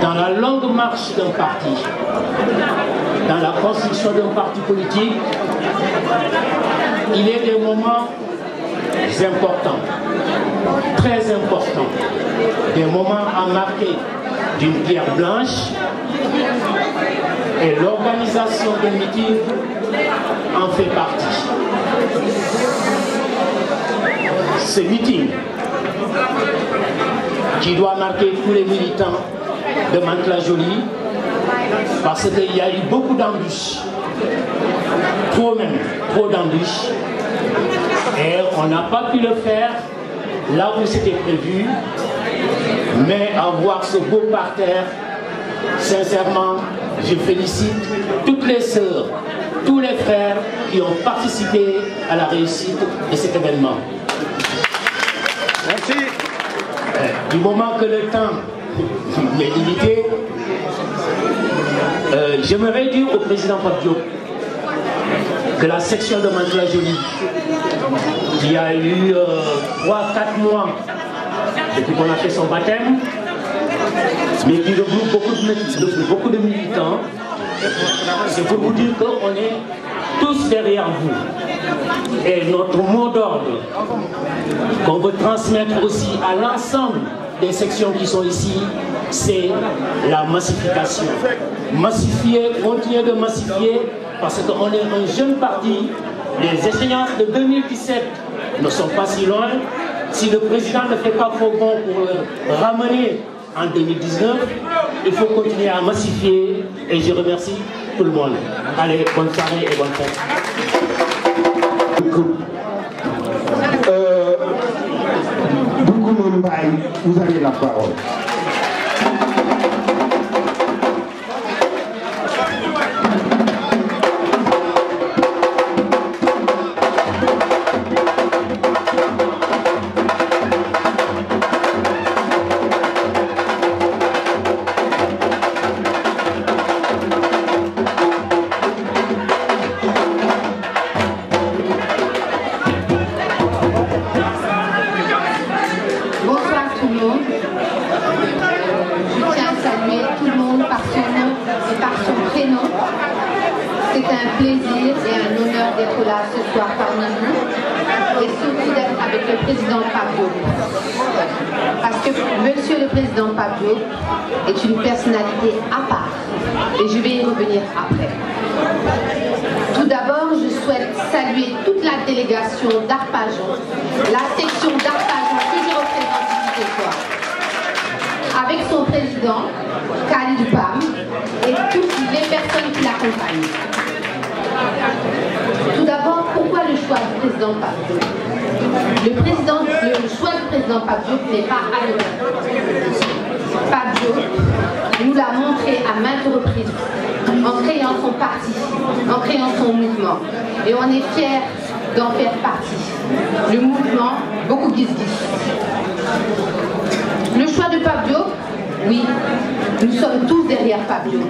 dans la longue marche d'un parti, dans la construction d'un parti politique, il y a des moments importants, très importants, des moments à marquer d'une pierre blanche et l'organisation des meetings en fait partie. Ces meetings qui doit marquer tous les militants de Mantes-la-Jolie parce qu'il y a eu beaucoup d'embûches, trop même, trop d'embûches, et on n'a pas pu le faire là où c'était prévu, mais avoir ce beau parterre, sincèrement, je félicite toutes les sœurs, tous les frères qui ont participé à la réussite de cet événement du moment que le temps est limité, euh, j'aimerais dire au président Papio que la section de Mantua Jolie, qui a eu 3-4 euh, mois depuis qu'on a fait son baptême, mais qui regroupe beaucoup de, beaucoup de militants, c'est peux vous dire qu'on est tous derrière vous. Et notre mot d'ordre qu'on veut transmettre aussi à l'ensemble des sections qui sont ici, c'est la massification. Massifier, continuer de massifier, parce qu'on est un jeune parti. Les échéances de 2017 ne sont pas si loin. Si le président ne fait pas faux bon pour le ramener en 2019, il faut continuer à massifier. Et je remercie le monde. Allez, bonne soirée et bonne fête. Euh, vous avez la parole. n'est pas Fabio nous l'a montré à maintes reprises en créant son parti, en créant son mouvement. Et on est fiers d'en faire partie. Le mouvement Beaucoup Guise Le choix de Fabio, oui, nous sommes tous derrière Fabio.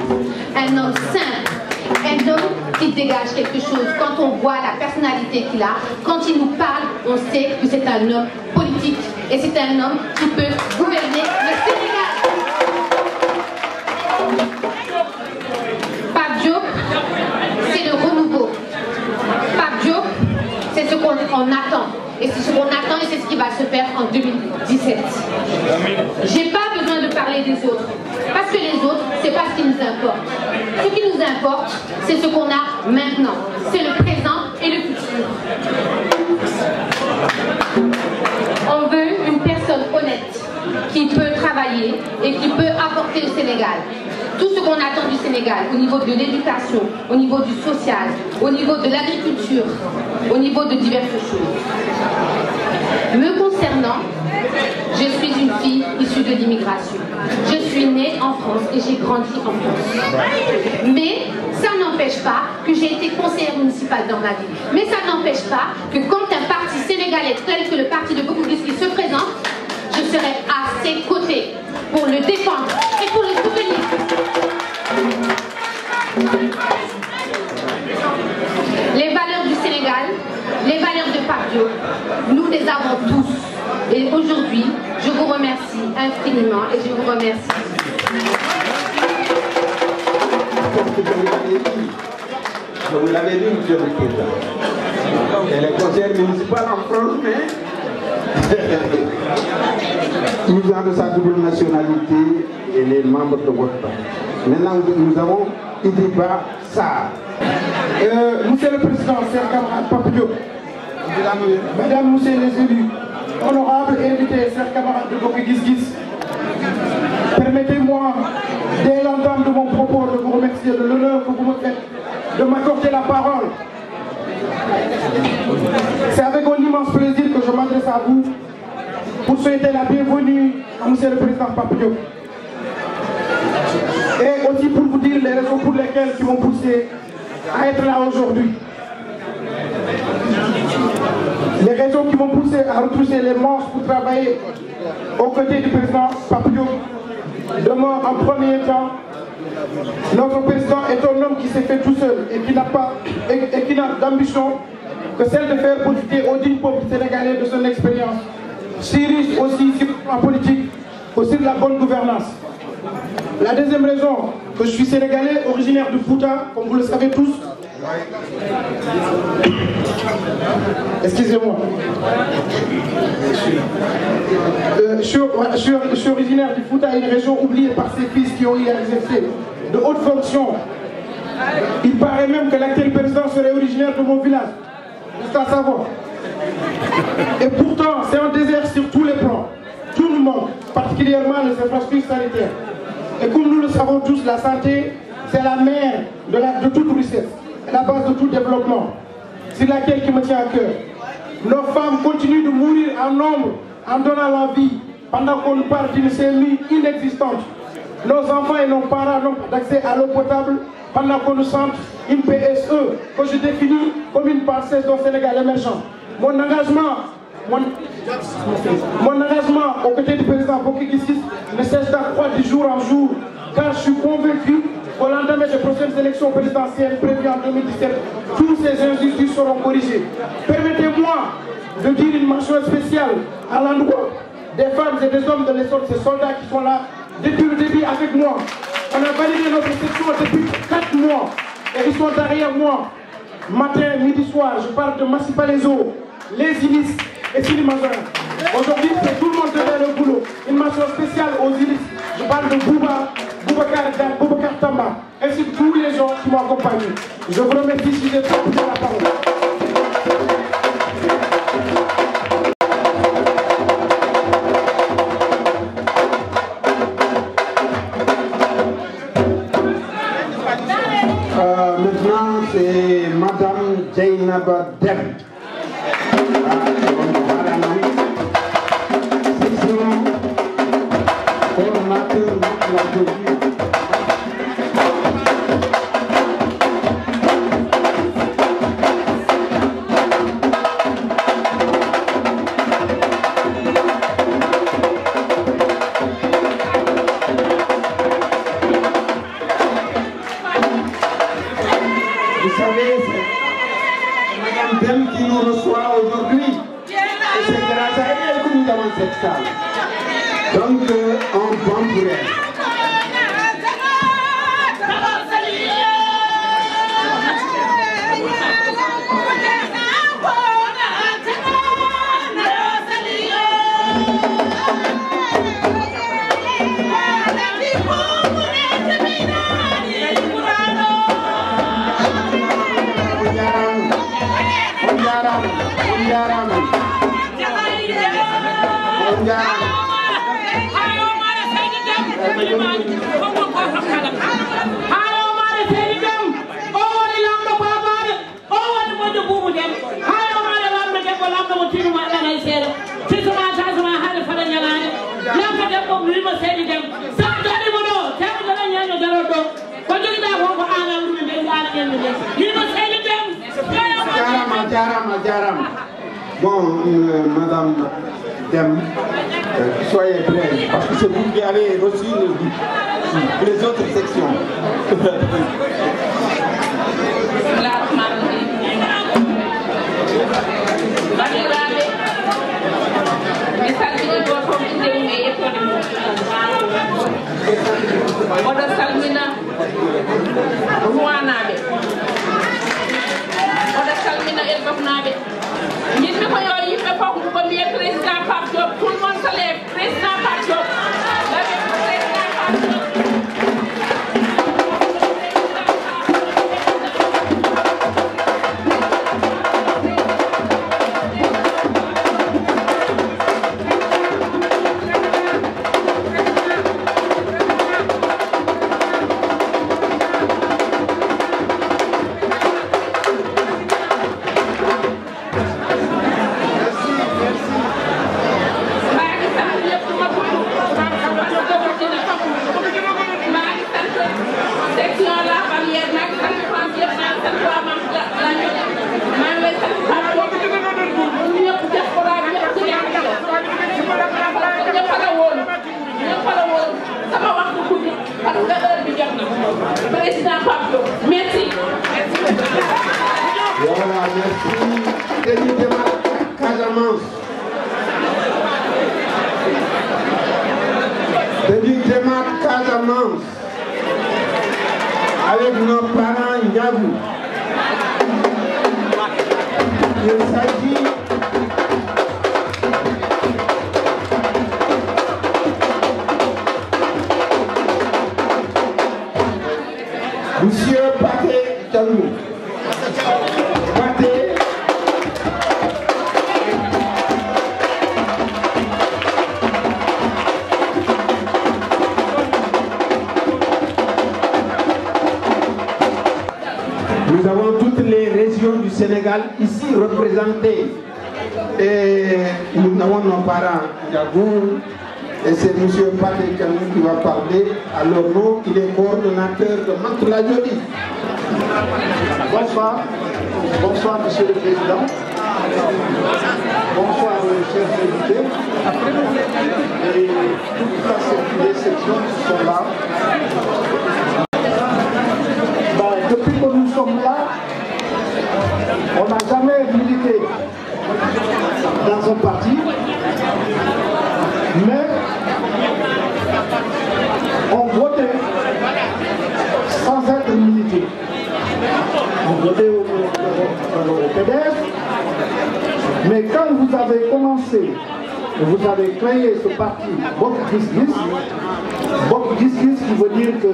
Un homme simple, un homme qui dégage quelque chose. Quand on voit la personnalité qu'il a, quand il nous parle, on sait que c'est un homme et c'est un homme qui peut gouverner le Sénégal. c'est le renouveau. Pape c'est ce qu'on attend. Et c'est ce qu'on attend et c'est ce qui va se faire en 2017. J'ai pas besoin de parler des autres. Parce que les autres, c'est pas ce qui nous importe. Ce qui nous importe, c'est ce qu'on a maintenant. au niveau de l'éducation, au niveau du social, au niveau de l'agriculture, au niveau de diverses choses. Me concernant, je suis une fille issue de l'immigration. Je suis née en France et j'ai grandi en France. Mais ça n'empêche pas que j'ai été conseillère municipale dans ma vie. Mais ça n'empêche pas que quand un parti sénégalais tel que le parti de beaucoup qui se remercie. Vous l'avez dit, M. Biketa. Elle est conseillère municipale en France, mais vient de sa double nationalité, elle est membre de votre parti. Maintenant, nous avons Idiba Sarr. Euh, monsieur le Président, chers camarades Papillot, Madame, Monsieur les élus, honorables invités, chers camarades de Gisgis, Permettez-moi, dès l'entame de mon propos, de vous remercier de l'honneur que vous me faites de m'accorder la parole. C'est avec un immense plaisir que je m'adresse à vous pour souhaiter la bienvenue à M. le Président Papillon. Et aussi pour vous dire les raisons pour lesquelles ils m'ont poussé à être là aujourd'hui. Les raisons qui m'ont poussé à retrousser les manches pour travailler aux côtés du président Papillon Demain, en premier temps, notre président est un homme qui s'est fait tout seul et qui n'a pas et, qui n'a d'ambition que celle de faire profiter au digne peuple sénégalais de son expérience, si riche aussi en politique, aussi de la bonne gouvernance. La deuxième raison que je suis sénégalais, originaire de Fouta, comme vous le savez tous, Excusez-moi. Euh, je, suis, originaire du Fouta, une région oubliée par ses fils qui ont eu à de hautes fonctions. Il paraît même que l'actuel président serait originaire de mon village, Nous en savons Et pourtant, c'est un désert sur tous les plans. Tout le manque, particulièrement les infrastructures sanitaires. Et comme nous le savons tous, la santé, c'est la mère de, la, de toute richesse la base de tout développement, c'est laquelle qui me tient à cœur. Nos femmes continuent de mourir en nombre en donnant la vie pendant qu'on nous parle d'une série inexistante. Nos enfants et nos parents n'ont pas d'accès à l'eau potable pendant qu'on nous sente une PSE que je définis comme une parcelle d'un Sénégal émergent. Mon engagement, mon, engagement au côté du président Bokikis, ne cesse d'accroître du jour en jour car je suis convaincu au lendemain des prochaines élections présidentielles prévues en 2017, tous ces injustices seront corrigés. Permettez-moi de dire une mention spéciale à l'endroit des femmes et des hommes de l'essor, ces soldats qui sont là depuis le début avec moi. On a validé notre section depuis 4 mois et ils sont derrière moi. Matin, midi, soir, je parle de Massipalezo, les Illis et Aujourd'hui, c'est tout le monde derrière le boulot. Une mention spéciale aux Ilis. Je parle de Bouba, Boubacar Dan, Boubacar Tamba, ainsi que tous les gens qui m'ont accompagné. Je vous remercie si j'ai trop la parole. Jainaba Dem. Coordinateur national Thank you. Et c'est M. Patrick Camus qui va parler à leur Il est coordonnateur de Manteau-la-Jolie. Bonsoir. Bonsoir, Monsieur le Président. Bonsoir, euh, chers invités. Et toutes la, cette, les sections qui sont là. vous avez créé ce parti Bok Discus. Bok gis qui veut dire que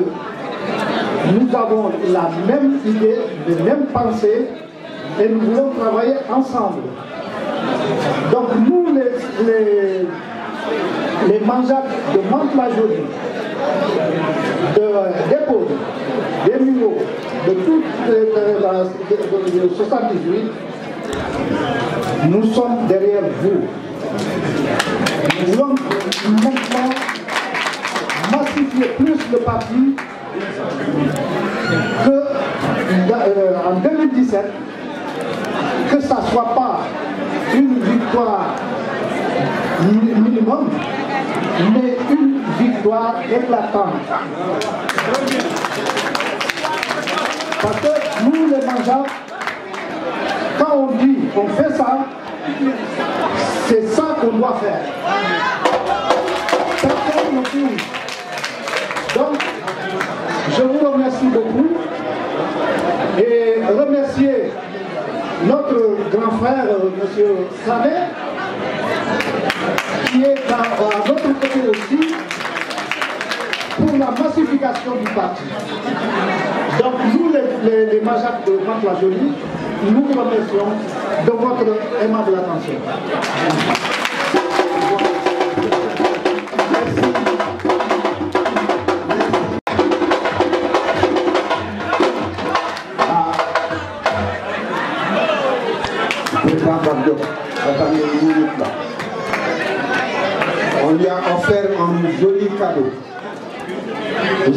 nous avons la même idée, les mêmes pensées et nous voulons travailler ensemble. Donc nous, les, les, de mante la de Dépôt, des niveaux de toute le de, 78, nous sommes derrière vous. Nous voulons maintenant massifier plus le parti que euh, en 2017, que ça ne soit pas une victoire minimum, mais une victoire éclatante. Parce que nous, les mangeants, quand on dit qu'on fait ça, M. Samet, qui est à, euh, notre côté aussi pour la massification du parti. Donc nous, les, les, de Marc la jolie nous remercions de votre aimable attention.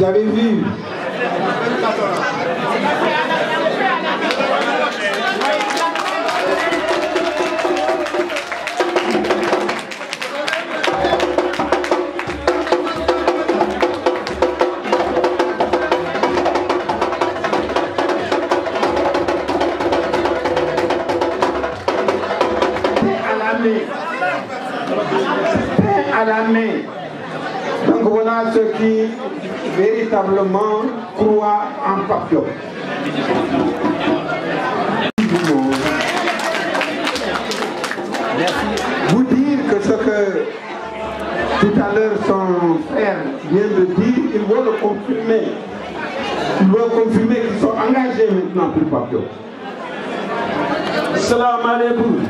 avez vu croire en papillon. Vous dire que ce que tout à l'heure son frère vient de dire, il veut le confirmer. Il veut confirmer qu'ils sont engagés maintenant pour Cela m'a alaikum.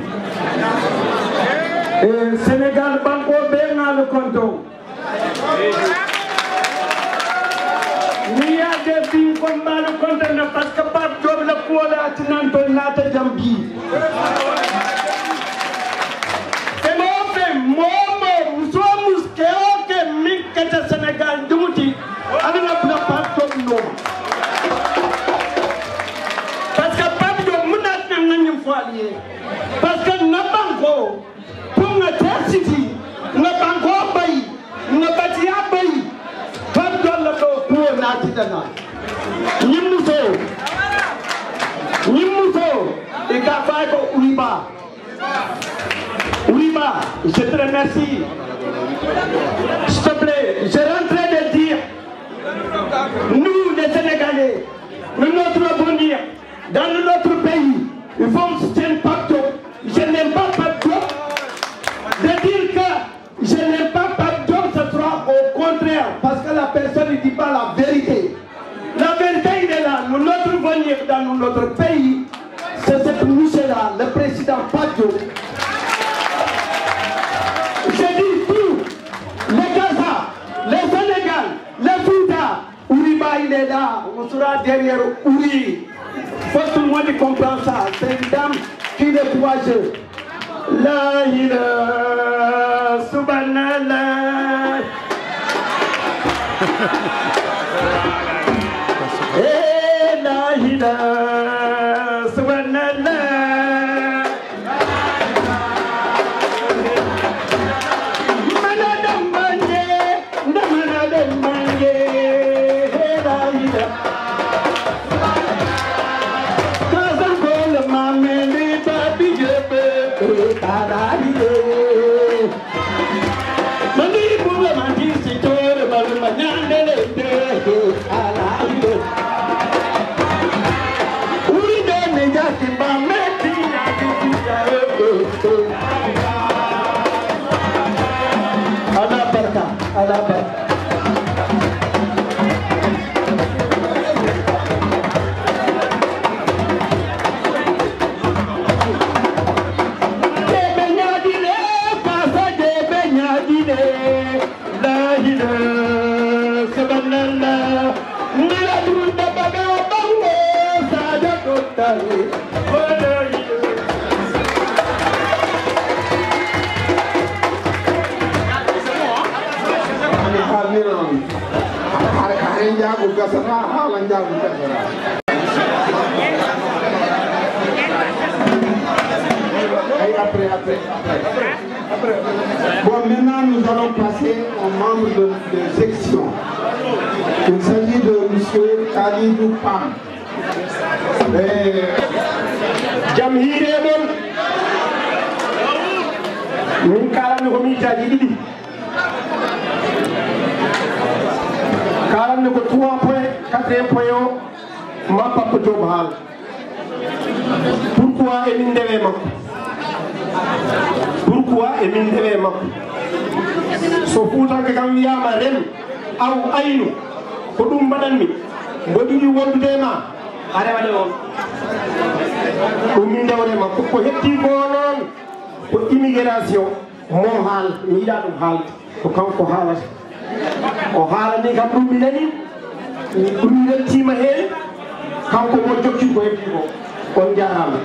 ko moo jóg ci ko kon jaaraama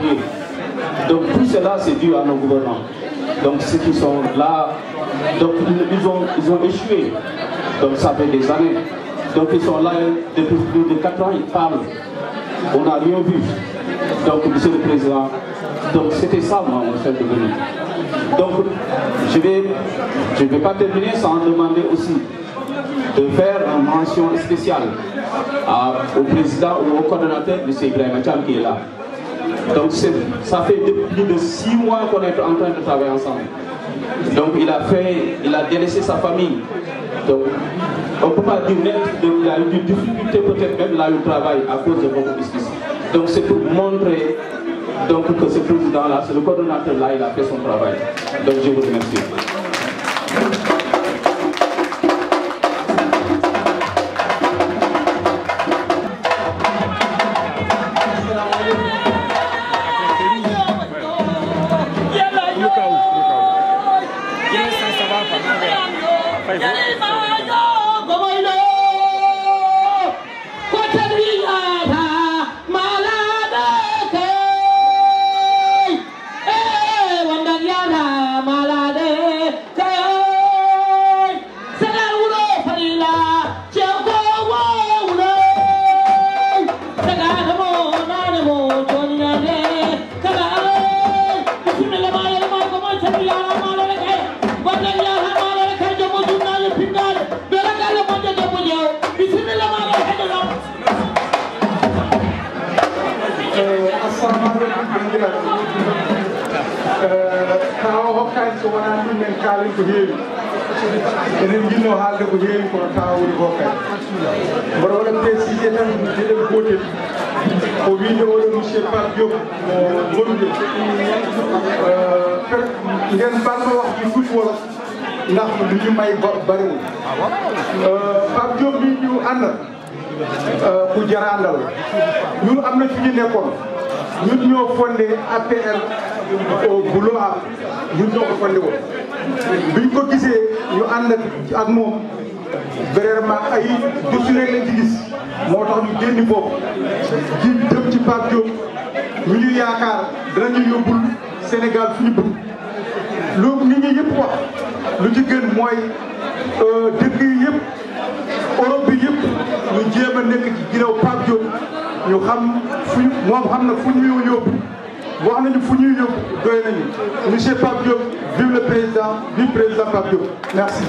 pied. Donc tout cela, c'est dû à nos gouvernants. Donc ceux qui sont là, donc ils ont, ils échoué. Donc ça fait des années. Donc ils sont là euh, depuis plus de quatre ans, ils parlent. On n'a rien vu. Donc, Monsieur le Président, donc c'était ça, moi, mon de devenu. Donc, je ne vais, je vais pas terminer sans demander aussi de faire une mention spéciale au président ou au coordonnateur, monsieur Ibrahim Macham, qui est là. Donc ça fait plus de six mois qu'on est en train de travailler ensemble. Donc il a fait, il a délaissé sa famille. Donc on ne peut pas dire qu'il a eu des difficultés, peut-être même là au travail à cause de mon business. Donc c'est pour montrer donc, que ce président-là, c'est le coordonnateur-là, il a fait son travail. Donc je vous remercie. ko heewi enen jinno haalde ko heewi kono tawa woni ko kay mboɗo waɗa précisé tan geɗel gotel ko wiide oɗo monsieur pape diop mo gonde nden mbanno waktu futi wolof ndax duñu may goɗ bariwul euh, pape diop min ñu euh, àndal ku jarandal ñun am na fi ñu nekkoon ñun ñoo fondé APR au boulot ñun ñoo ko fondé woon bi biñ ko gisee ñu ànd ak moom vraiment ay dossier rek lañ ci gis moo tax ñu génn bopp ji dem ci Pape Diop ñu ñu yaakaar danañu yóbbul Sénégal fu ñu bëgg loolu nit ñi wax lu ci gën mooy euh, dëkk yi yëpp Europe bi yëpp ñu jéem a nekk ci ginnaaw Pape ñu xam moom xam na fu ñu yóbbu Vous nous fu ñuy yóbbu monsieur Pape vive le président vive le président Pape merci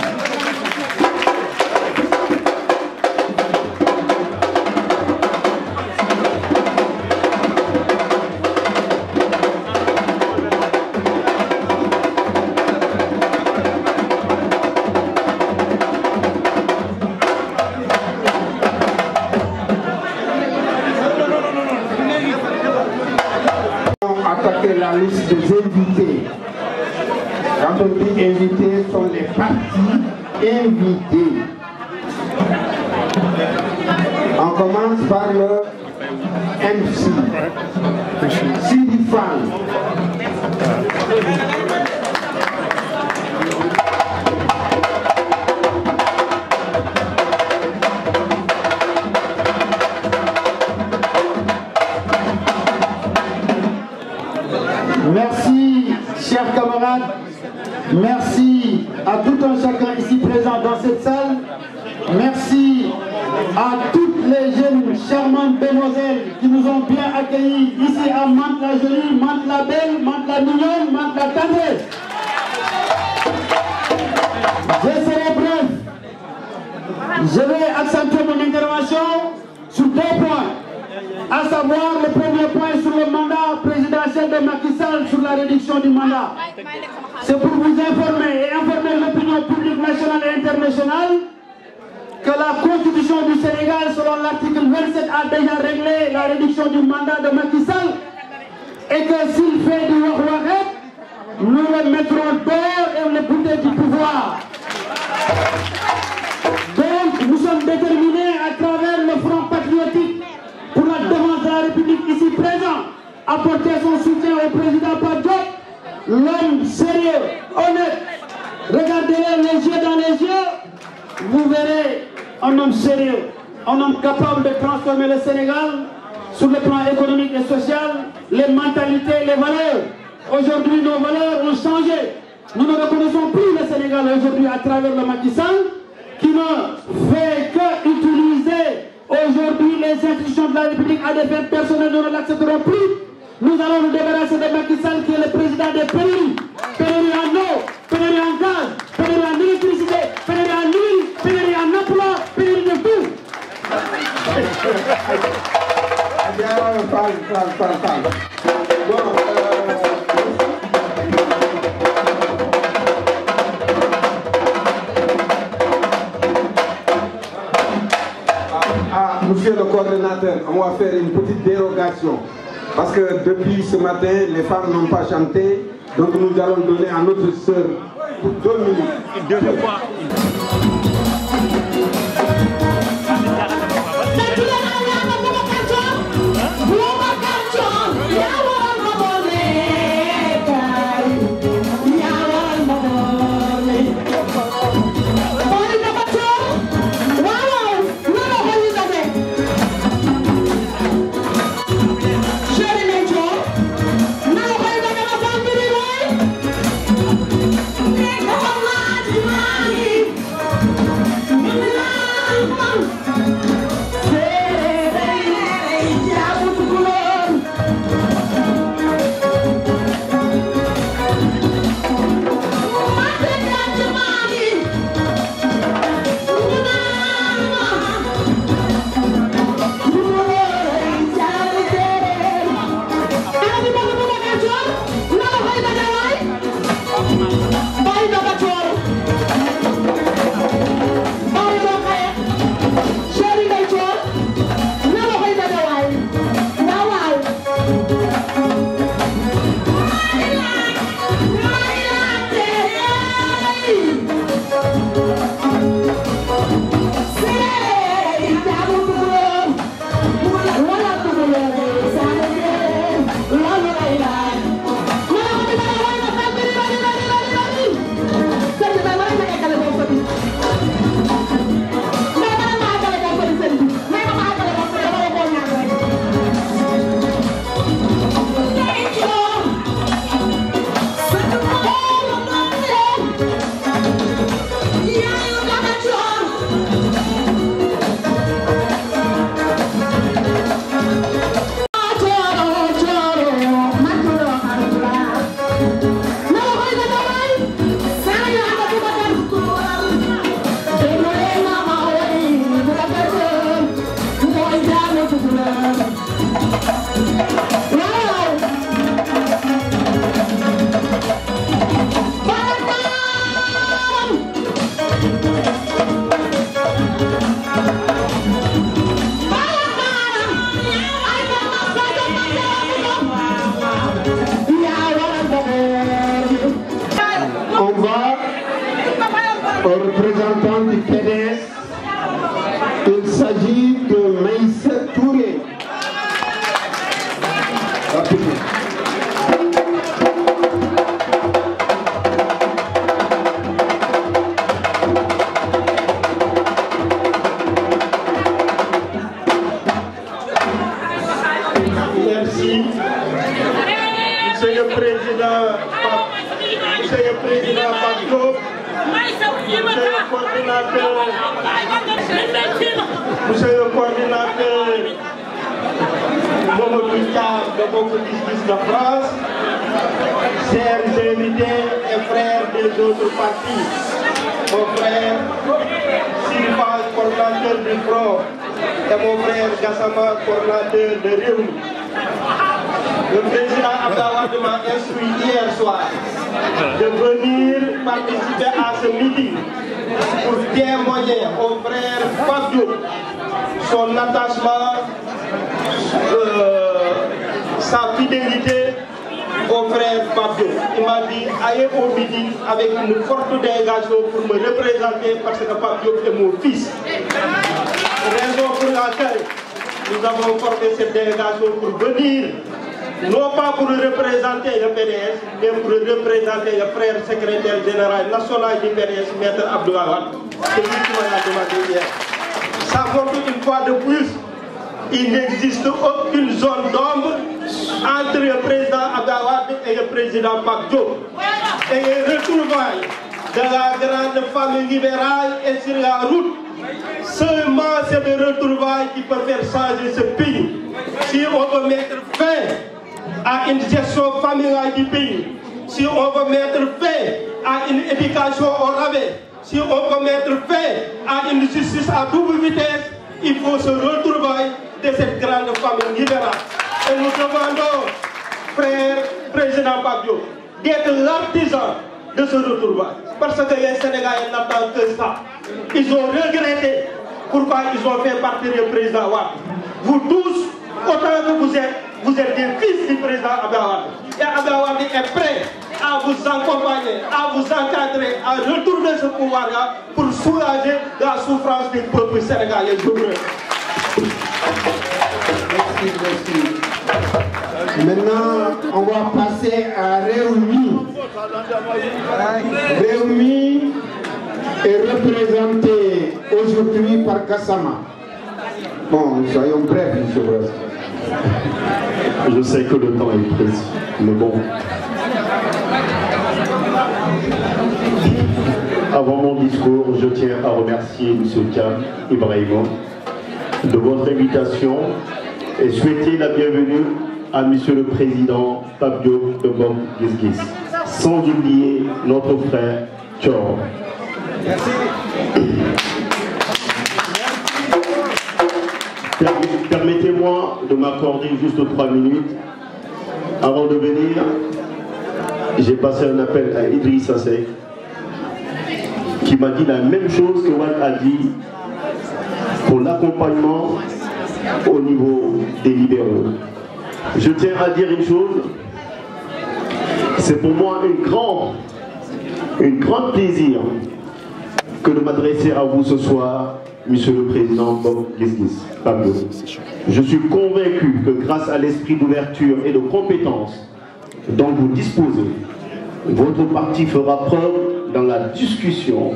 всегда. pas chanter. Donc nous allons donner à notre sœur pour deux minutes. fois. président et les retrouvailles de la grande famille libérale et sur la route. Seulement c'est le retrouvailles qui peuvent faire changer ce pays. Si on veut mettre fin à une gestion familiale du pays, si on veut mettre fin à une éducation au rabais, si on veut mettre fin à une justice à double vitesse, il faut se retrouver de cette grande famille président Pabio, d'être l'artisan de ce retour Parce que les Sénégalais n'attendent que ça. Ils ont regretté pourquoi ils ont fait partir le président Wadi. Vous tous, autant que vous êtes, vous êtes des fils du président Abdelwadi. Et Wadi est prêt à vous accompagner, à vous encadrer, à retourner ce pouvoir-là pour soulager la souffrance du peuple sénégalais. Merci, merci. Maintenant, on va passer à Réumi. Réumi est représenté aujourd'hui par Kassama. Bon, soyons brefs, M. Brass. Je sais que le temps est précis, mais bon. Avant mon discours, je tiens à remercier M. Kam Ibrahimo de votre invitation et souhaiter la bienvenue à Monsieur le Président Fabio de Gisgis, sans oublier notre frère Thior. Permettez-moi de m'accorder juste trois minutes. Avant de venir, j'ai passé un appel à Idriss Sassé qui m'a dit la même chose que Wad a dit pour l'accompagnement au niveau des libéraux. Je tiens à dire une chose. C'est pour moi un grand, une grande plaisir que de m'adresser à vous ce soir, Monsieur le Président Bob Gisgis, Je suis convaincu que grâce à l'esprit d'ouverture et de compétence dont vous disposez, votre parti fera preuve dans la discussion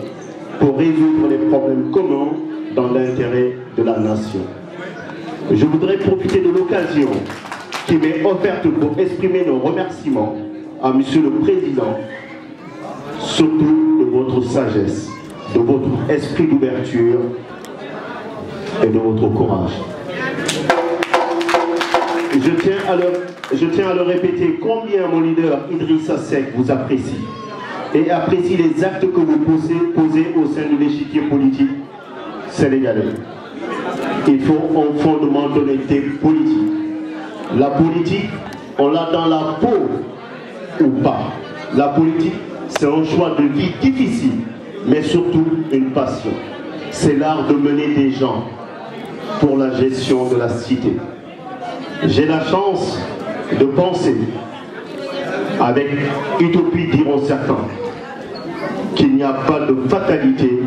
pour résoudre les problèmes communs dans l'intérêt de la nation. Je voudrais profiter de l'occasion qui m'est offerte pour exprimer nos remerciements à Monsieur le Président, surtout de votre sagesse, de votre esprit d'ouverture et de votre courage. Je tiens, à le, je tiens à répéter combien mon leader Idrissa Seck vous apprécie et apprécie les actes que vous posez, posez au sein de l'échiquier politique sénégalais. Il faut un fondement d'honnêteté politique la politique, on l'a dans la peau ou pas. La politique, c'est un choix de vie difficile, mais surtout une passion. C'est l'art de mener des gens pour la gestion de la cité. J'ai la chance de penser, avec utopie diront certains, qu'il n'y a pas de fatalité,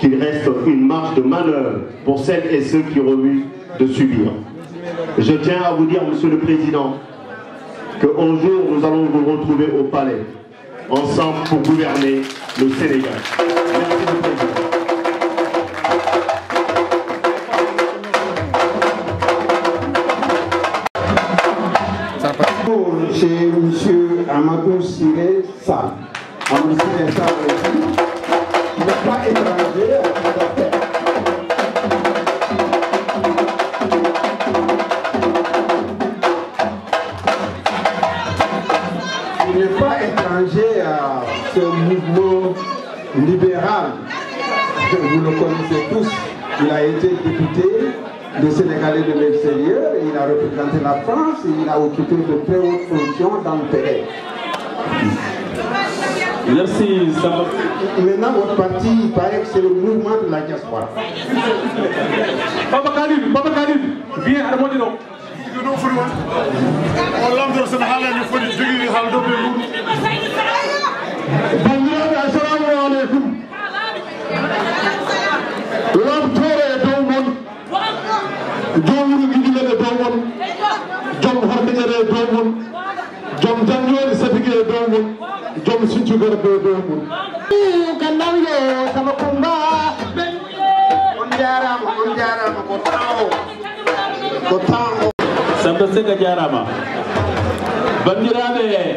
qu'il reste une marge de manœuvre pour celles et ceux qui remuent de subir. Je tiens à vous dire, Monsieur le Président, qu'un jour, nous allons vous retrouver au palais, ensemble pour gouverner le Sénégal. Merci chez M. Amadou vous le connaissez tous, il a été député des Sénégalais de l'extérieur, il a représenté la France et il a occupé de très hautes fonctions dans le pays. Merci, va. Maintenant, votre parti, il paraît que c'est le mouvement de la diaspora. Papa Khalid, Papa Khalid, viens à moi On l'envoie sur la halle, il faut du jugé, il faut du jugé. Bonjour, rabtore e dow mon jowuru giɗimen e dow mon joom hordeñere e dow mon joom jangñoore satigue e dow mon joom sincugorde e dow mon kandawyo sama comba on jarama on jarama ko tao ko tao samba sega jarama bandiraɓe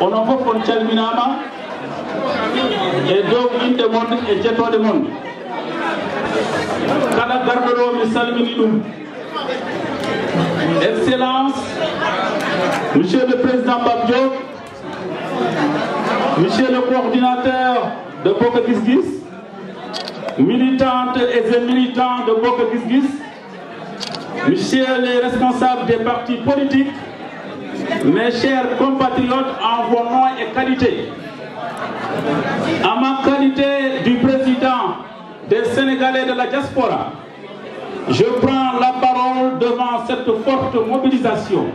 onon fof on calminama e dow inde mon e jettode mon kala excellence monsieur le président Babio, monsieur le coordinateur de Bokk kisgis militantes et militants de Bokk Monsieur les responsables des partis politiques, mes chers compatriotes en vos noms et qualité, à ma qualité du président des Sénégalais de la diaspora, je prends la parole devant cette forte mobilisation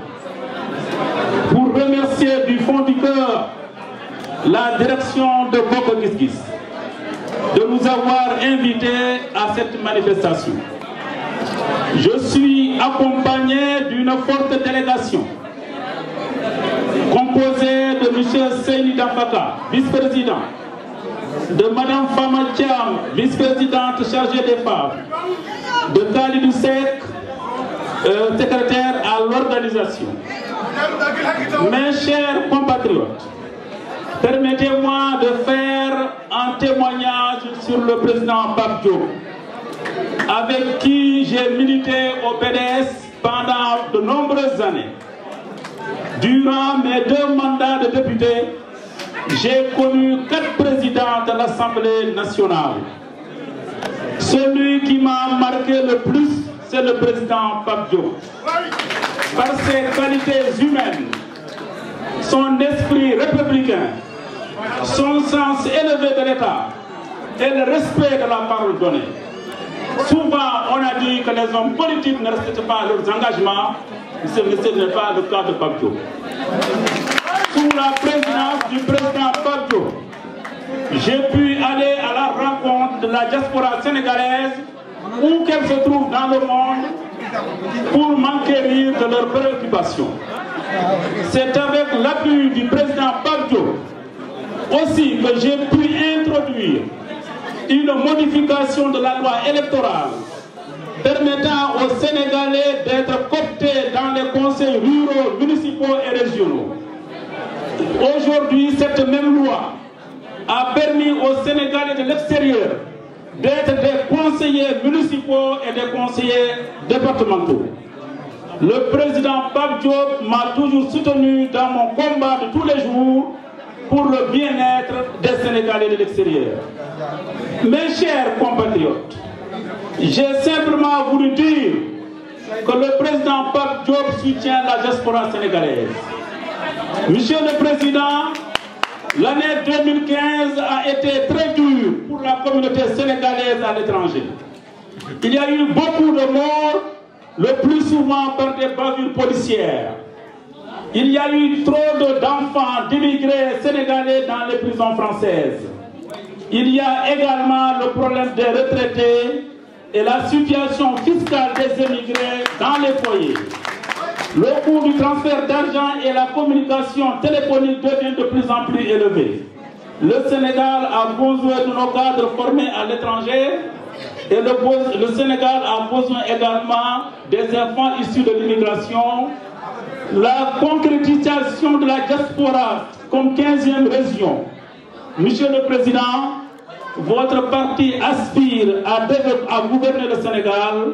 pour remercier du fond du cœur la direction de Boko de nous avoir invités à cette manifestation. Je suis accompagné d'une forte délégation composée de M. Seyni Dafaka, vice-président, de Madame Fama vice-présidente chargée des femmes, de Khalidou Sek, euh, secrétaire à l'organisation. Mes chers compatriotes, permettez-moi de faire un témoignage sur le président Babdio, avec qui j'ai milité au PDS pendant de nombreuses années. Durant mes deux mandats de député, j'ai connu quatre présidents de l'Assemblée nationale. Celui qui m'a marqué le plus, c'est le président Pabdio. Par ses qualités humaines, son esprit républicain, son sens élevé de l'État et le respect de la parole donnée. Souvent, on a dit que les hommes politiques ne respectent pas leurs engagements, mais ce n'est pas le cas de Pabdio la présidence du président Badjo, j'ai pu aller à la rencontre de la diaspora sénégalaise, où qu'elle se trouve dans le monde, pour m'enquérir de leurs préoccupations. C'est avec l'appui du président Badjo aussi que j'ai pu introduire une modification de la loi électorale permettant aux Sénégalais d'être cooptés dans les conseils ruraux, municipaux et régionaux. Aujourd'hui, cette même loi a permis aux Sénégalais de l'extérieur d'être des conseillers municipaux et des conseillers départementaux. Le président Pape Diop m'a toujours soutenu dans mon combat de tous les jours pour le bien-être des Sénégalais de l'extérieur. Mes chers compatriotes, j'ai simplement voulu dire que le président Pape Diop soutient la diaspora sénégalaise. Monsieur le Président, l'année 2015 a été très dure pour la communauté sénégalaise à l'étranger. Il y a eu beaucoup de morts, le plus souvent par des bavures policières. Il y a eu trop d'enfants d'immigrés sénégalais dans les prisons françaises. Il y a également le problème des retraités et la situation fiscale des immigrés dans les foyers. Le coût du transfert d'argent et la communication téléphonique devient de plus en plus élevé. Le Sénégal a besoin de nos cadres formés à l'étranger et le, Sénégal a besoin également des enfants issus de l'immigration. La concrétisation de la diaspora comme 15e région. Monsieur le Président, votre parti aspire à gouverner le Sénégal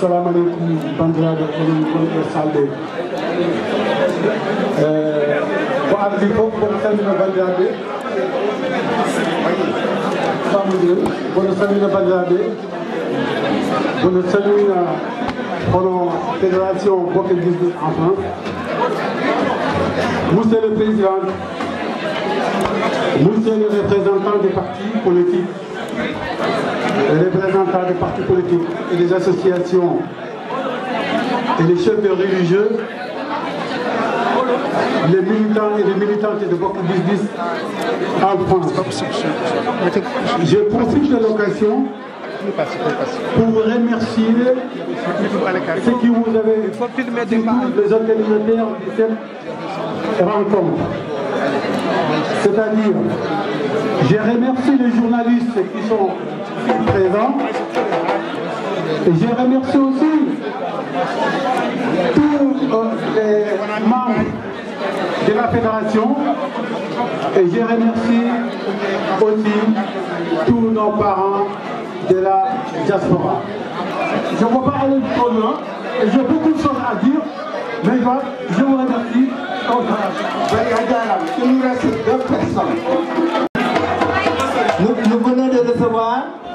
assalamu aleykum bandiraɓe onon gonɓe salɗe ko de fof eh, kono salmina bandiraɓe de la salmina bandiraɓe bono salmina la fédération bokke guisde en france monsieur le président monsieur le représentant des partis politiques euh, les représentants des partis politiques et des associations et les chefs religieux, les militants et les militantes de beaucoup Business en France. Je profite de l'occasion pour remercier ceux qui vous avez, surtout les organisateurs de cette rencontre. C'est-à-dire, je remercie les journalistes qui sont présent. Et je remercie aussi tous euh, les membres de la fédération et je remercie aussi tous nos parents de la diaspora. Je ne peux pas aller trop loin, Et j'ai beaucoup de choses à dire, mais je vous remercie. Il nous reste deux personnes.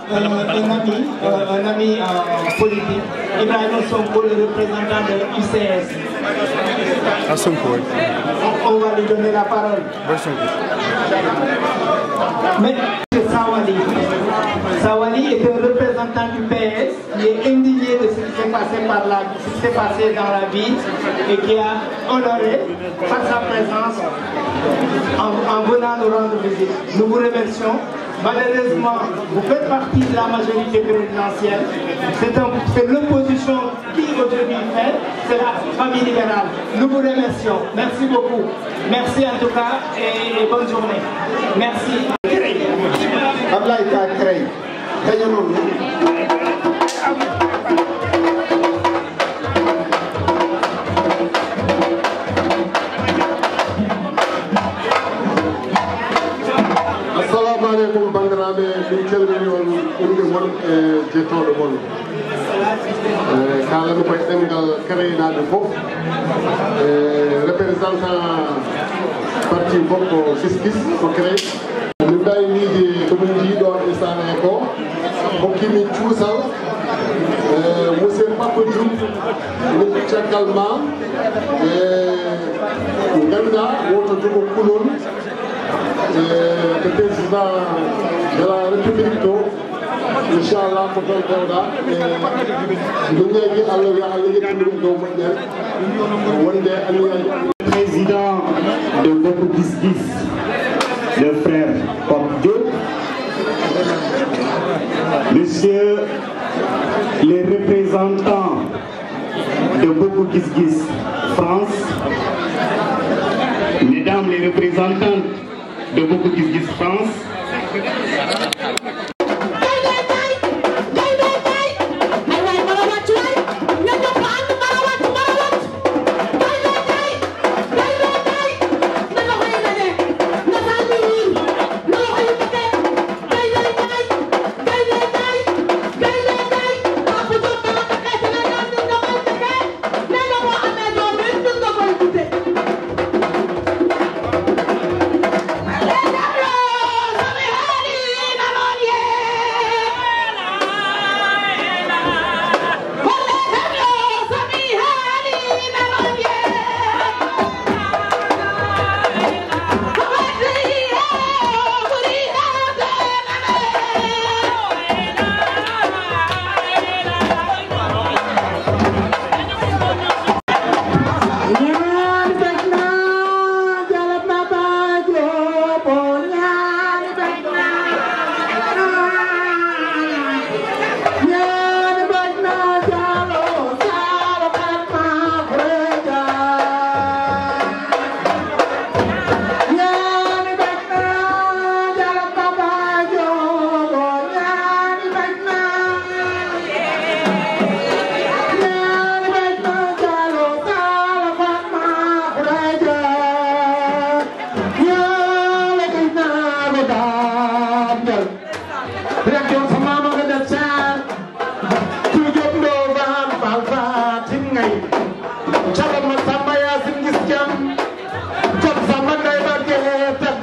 Un, ami, euh, euh, politique, il ami politique, Ibrahim Sonko, le représentant de l'UCS. Ah, Sonko, On, va lui donner la parole. Mais Sawali. Sawali est un représentant du PS qui est indigné de ce qui s'est passé, par la, qui s'est passé dans la ville et qui a honoré par sa présence en venant nous rendre visite. Nous vous remercions. Malheureusement, vous faites partie de la majorité présidentielle. C'est l'opposition qui aujourd'hui fait, c'est la famille libérale. Nous vous remercions. Merci beaucoup. Merci en tout cas et, bonne journée. Merci. sukaɓe min calmini on ɓurɓe won e jettoɗo mon eh, kalami koye ɗengal créenaɓe foof e eh, représentant parti bokko siskis ko cré min mbawi miji komin jiiɗon e sane ko hokkimi cuusal eh, monsieur pappa dum min caggal ma e ganda woto jogo kulol le président de la République to inchallah ko toon pewɗa ɗumeji allah yo allah yeɗiɗum dow moƴƴere président de votre district, le frère Pop Diop monsieur les représentants de Bokk Gis France mesdames les représentants de beaucoup qui se dispensent.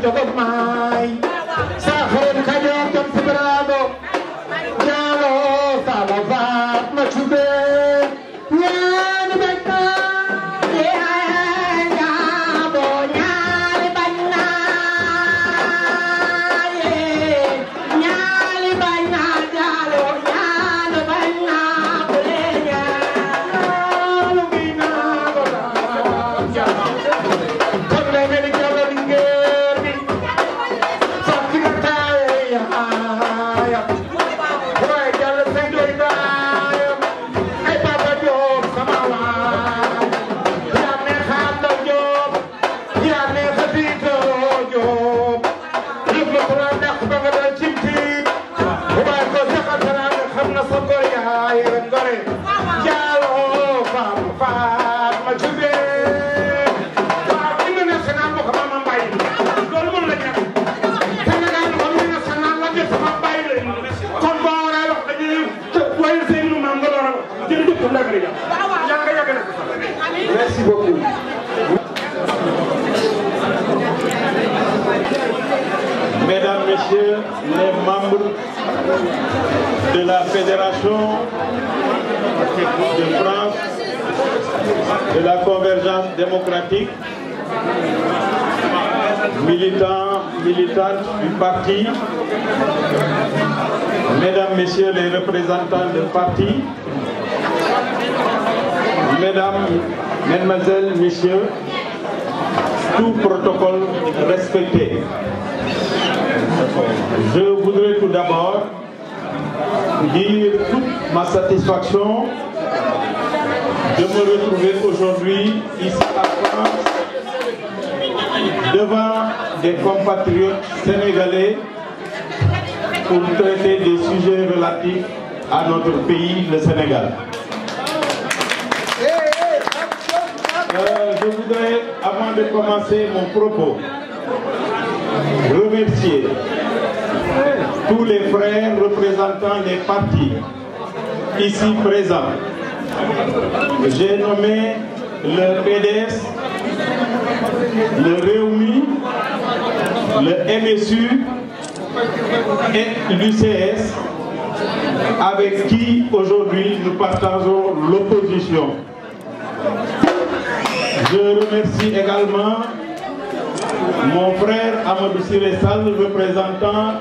Jagat Maha pays, le Sénégal. Eh, eh, euh, je voudrais, avant de commencer mon propos, remercier tous les frères représentants des partis ici présents. J'ai nommé le PDS, le Réumi, le MSU et l'UCS avec qui aujourd'hui nous partageons l'opposition. Je remercie également mon frère Amadou Siressal, représentant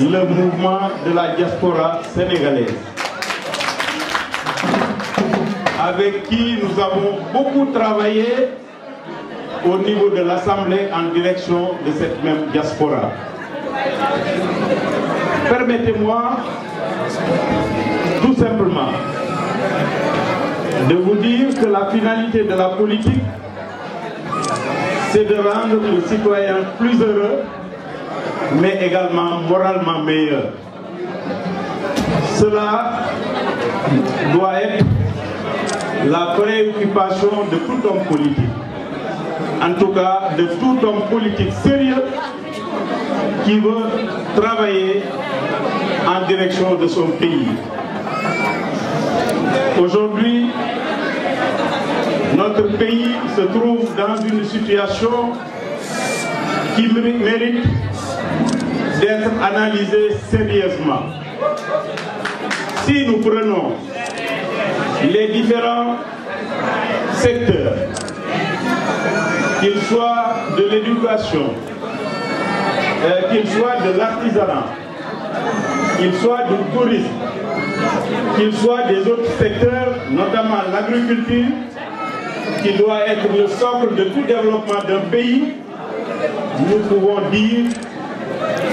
le mouvement de la diaspora sénégalaise, avec qui nous avons beaucoup travaillé au niveau de l'Assemblée en direction de cette même diaspora. Permettez-moi de vous dire que la finalité de la politique, c'est de rendre le citoyen plus heureux, mais également moralement meilleur. Cela doit être la préoccupation de tout homme politique, en tout cas de tout homme politique sérieux qui veut travailler en direction de son pays. Aujourd'hui, notre pays se trouve dans une situation qui mérite d'être analysée sérieusement. Si nous prenons les différents secteurs, qu'ils soient de l'éducation, euh, qu'ils soient de l'artisanat, qu'ils soient du tourisme, qu'il soit des autres secteurs, notamment l'agriculture, qui doit être le centre de tout développement d'un pays, nous pouvons dire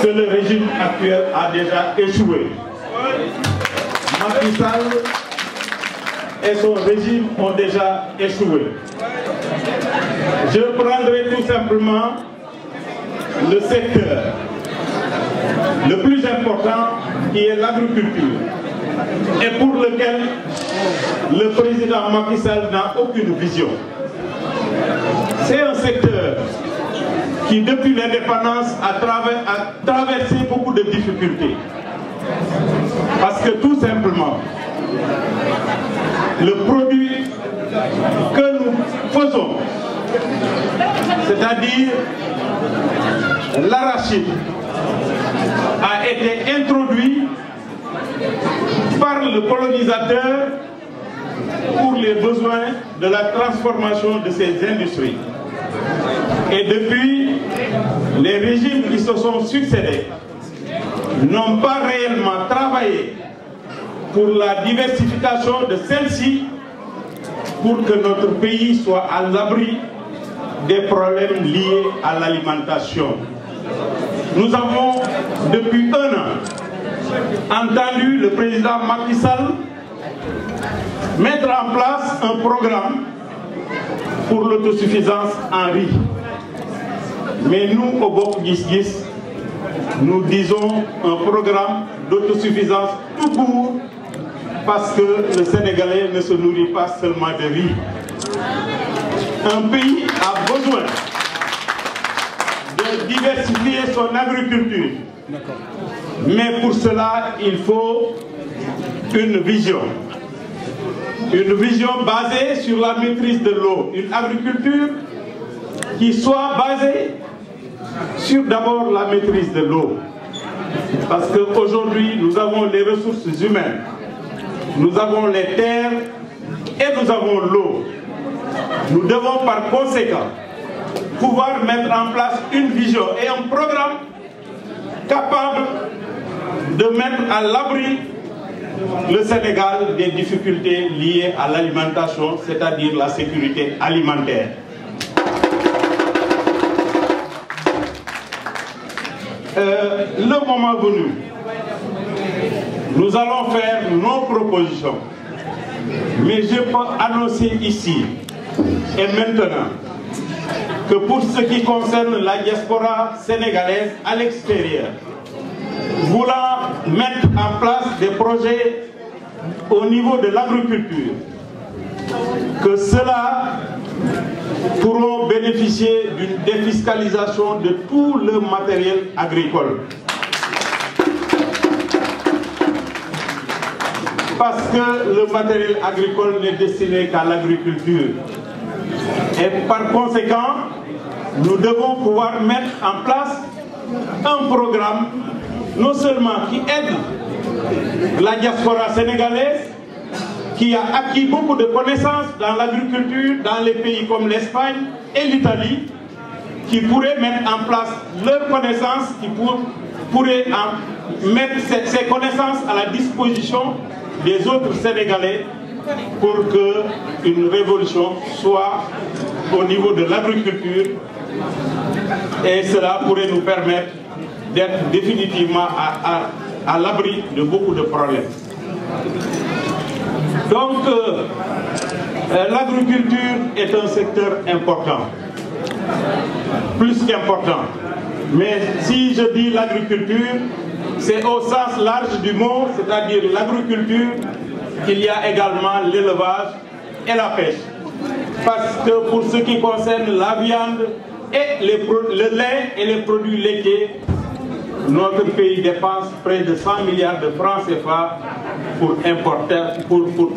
que le régime actuel a déjà échoué. Macky et son régime ont déjà échoué. Je prendrai tout simplement le secteur le plus important qui est l'agriculture et pour lequel le président Macky n'a aucune vision. C'est un secteur qui, depuis l'indépendance, a, a traversé beaucoup de difficultés. Parce que tout simplement, le produit que nous faisons, c'est-à-dire l'arachide, a été introduit par le colonisateur pour les besoins de la transformation de ces industries. Et depuis, les régimes qui se sont succédés n'ont pas réellement travaillé pour la diversification de celles ci pour que notre pays soit à l'abri des problèmes liés à l'alimentation. Nous avons, depuis un an, entendu le président Macky Sall mettre en place un programme pour l'autosuffisance en riz. Mais nous, au Bok Gis nous disons un programme d'autosuffisance tout court parce que le Sénégalais ne se nourrit pas seulement de riz. Un pays a besoin de diversifier son agriculture mais pour cela, il faut une vision. Une vision basée sur la maîtrise de l'eau. Une agriculture qui soit basée sur d'abord la maîtrise de l'eau. Parce qu'aujourd'hui, nous avons les ressources humaines, nous avons les terres et nous avons l'eau. Nous devons par conséquent pouvoir mettre en place une vision et un programme capable de mettre à l'abri le Sénégal des difficultés liées à l'alimentation, c'est-à-dire la sécurité alimentaire. Euh, le moment venu, nous allons faire nos propositions. Mais je peux annoncer ici et maintenant que pour ce qui concerne la diaspora sénégalaise à l'extérieur, voulant mettre en place des projets au niveau de l'agriculture, que cela pourront bénéficier d'une défiscalisation de tout le matériel agricole. Parce que le matériel agricole n'est destiné qu'à l'agriculture. Et par conséquent, nous devons pouvoir mettre en place un programme non seulement qui aide la diaspora sénégalaise, qui a acquis beaucoup de connaissances dans l'agriculture, dans les pays comme l'Espagne et l'Italie, qui pourrait mettre en place leurs connaissances, qui pourraient mettre ces connaissances à la disposition des autres Sénégalais pour que une révolution soit au niveau de l'agriculture et cela pourrait nous permettre d'être définitivement à, l'abri de beaucoup de problèmes. Donc, euh, euh, l'agriculture est un secteur important, plus qu'important. Mais si je dis l'agriculture, c'est au sens large du mot, c'est-à-dire l'agriculture qu'il y a également l'élevage et la pêche. Parce que pour ce qui concerne la viande et le lait et les produits laitiers, notre pays dépense près de 100 milliards de francs CFA pour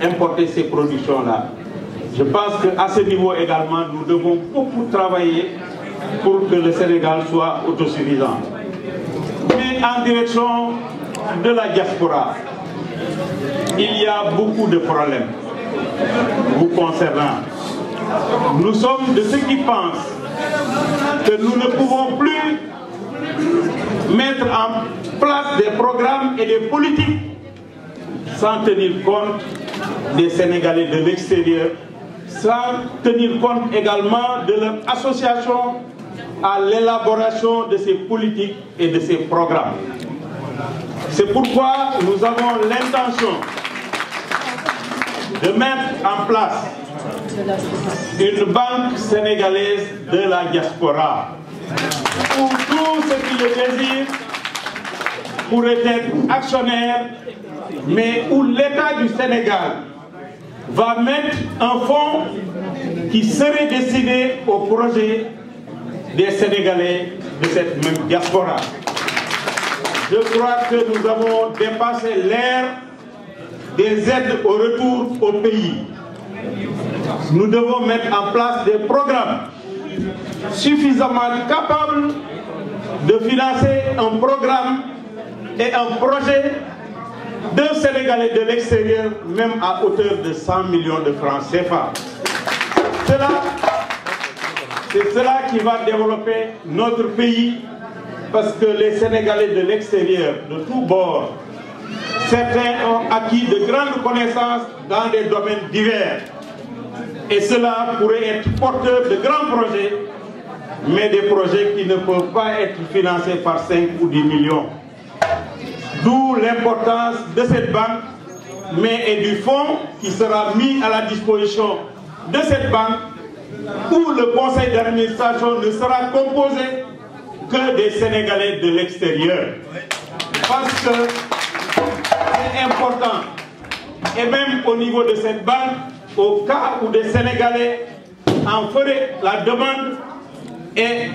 importer ces productions-là. Je pense qu'à ce niveau également, nous devons beaucoup travailler pour que le Sénégal soit autosuffisant. Mais en direction de la diaspora, il y a beaucoup de problèmes vous concernant. Nous sommes de ceux qui pensent que nous ne pouvons plus mettre en place des programmes et des politiques sans tenir compte des Sénégalais de l'extérieur, sans tenir compte également de leur association à l'élaboration de ces politiques et de ces programmes. C'est pourquoi nous avons l'intention de mettre en place une banque sénégalaise de la diaspora où tout ce qui le désirent pourrait être actionnaires, mais où l'État du Sénégal va mettre un fonds qui serait destiné au projet des Sénégalais de cette même diaspora. Je crois que nous avons dépassé l'ère des aides au retour au pays. Nous devons mettre en place des programmes suffisamment capables de financer un programme et un projet de Sénégalais de l'extérieur, même à hauteur de 100 millions de francs CFA. C'est cela qui va développer notre pays parce que les Sénégalais de l'extérieur, de tous bords, certains ont acquis de grandes connaissances dans des domaines divers. Et cela pourrait être porteur de grands projets, mais des projets qui ne peuvent pas être financés par 5 ou 10 millions. D'où l'importance de cette banque, mais et du fonds qui sera mis à la disposition de cette banque, où le conseil d'administration ne sera composé que des Sénégalais de l'extérieur. Parce que c'est important. Et même au niveau de cette banque, au cas où des Sénégalais en feraient la demande et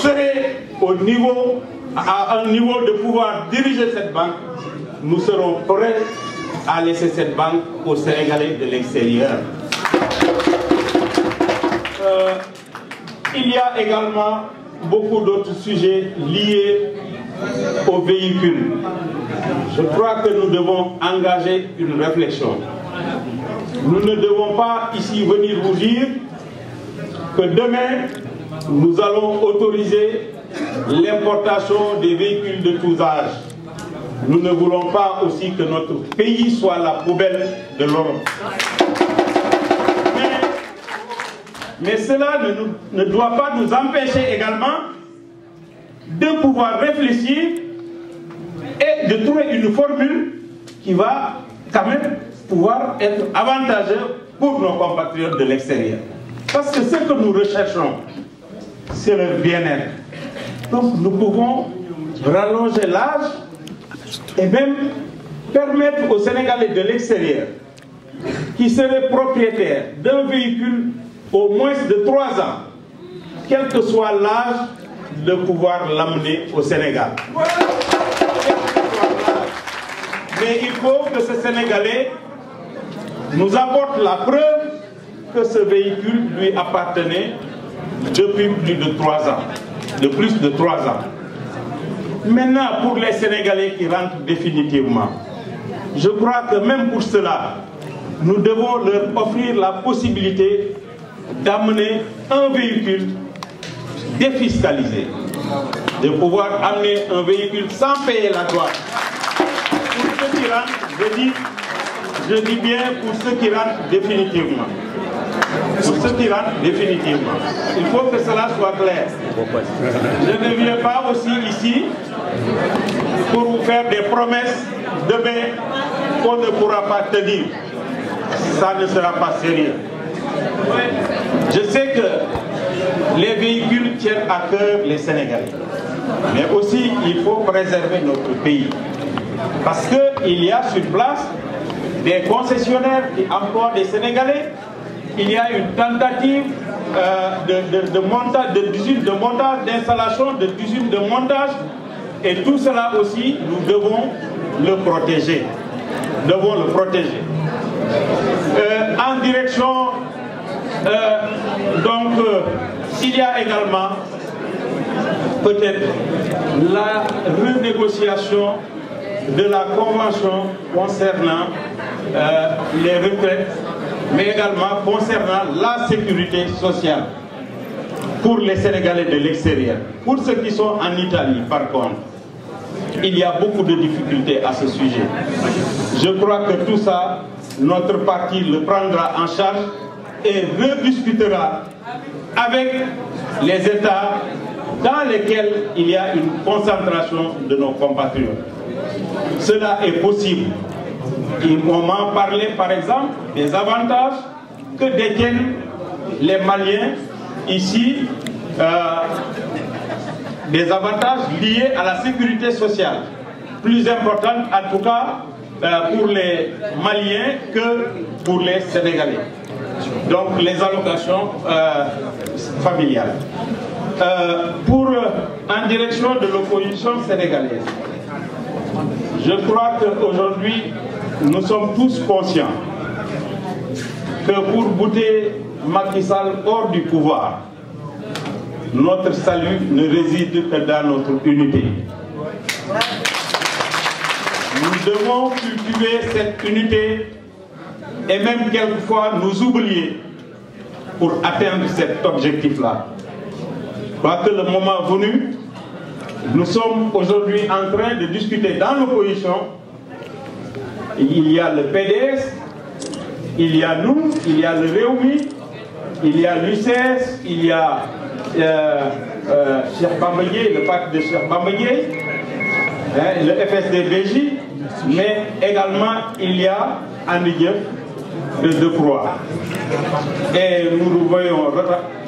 seraient au niveau, à un niveau de pouvoir diriger cette banque, nous serons prêts à laisser cette banque aux Sénégalais de l'extérieur. Euh, il y a également beaucoup d'autres sujets liés aux véhicules. Je crois que nous devons engager une réflexion. Nous ne devons pas ici venir vous dire que demain, nous allons autoriser l'importation des véhicules de tous âges. Nous ne voulons pas aussi que notre pays soit la poubelle de l'Europe. Mais cela ne, doit pas nous empêcher également de pouvoir réfléchir et de trouver une formule qui va quand même pouvoir être avantageuse pour nos compatriotes de l'extérieur. Parce que ce que nous recherchons, c'est le bien-être. Donc nous pouvons rallonger l'âge et même permettre aux Sénégalais de l'extérieur qui seraient propriétaires d'un véhicule au moins de 3 ans, quel que soit l'âge, de pouvoir l'amener au Sénégal. Mais il faut que ce Sénégalais nous apporte la preuve que ce véhicule lui appartenait depuis plus de trois ans, de plus de trois ans. Maintenant, pour les Sénégalais qui rentrent définitivement, je crois que même pour cela, nous devons leur offrir la possibilité d'amener un véhicule défiscalisé, de pouvoir amener un véhicule sans payer la douane. Pour ceux qui rentrent, je dis, bien pour ceux qui rentrent définitivement. Pour ceux qui rentrent définitivement. Il faut que cela soit clair. Je ne viens pas aussi ici pour vous faire des promesses demain qu'on ne pourra pas tenir. Ça ne sera pas sérieux. Je sais que les véhicules tiennent à cœur les Sénégalais. Mais aussi, il faut préserver notre pays. Parce qu'il y a sur place des concessionnaires qui emploient des Sénégalais. Il y a une tentative euh, de, de, de, montage, de, montage, d'installation, de montage. Et tout cela aussi, nous devons le protéger. Nous devons le protéger. Euh, en direction euh, donc, s'il euh, y a également peut-être la renégociation de la convention concernant euh, les retraites, mais également concernant la sécurité sociale pour les Sénégalais de l'extérieur. Pour ceux qui sont en Italie, par contre, il y a beaucoup de difficultés à ce sujet. Je crois que tout ça, notre parti le prendra en charge et rediscutera avec les États dans lesquels il y a une concentration de nos compatriotes. Cela est possible. On m'en parlait par exemple des avantages que détiennent les Maliens ici, euh, des avantages liés à la sécurité sociale, plus importante en tout cas euh, pour les Maliens que pour les Sénégalais. Donc les allocations euh, familiales. Euh, pour, euh, en direction de l'opposition sénégalaise, je crois qu'aujourd'hui, nous sommes tous conscients que pour bouter Macky hors du pouvoir, notre salut ne réside que dans notre unité. Nous devons cultiver cette unité et même quelquefois nous oublier pour atteindre cet objectif-là. Parce que le moment venu, nous sommes aujourd'hui en train de discuter dans l'opposition. Il y a le PDS, il y a nous, il y a le Réumi, il y a l'UCS, il y a euh, euh, le pacte de Cher hein, le FSDBJ, mais également il y a Andy de deux Et nous nous voyons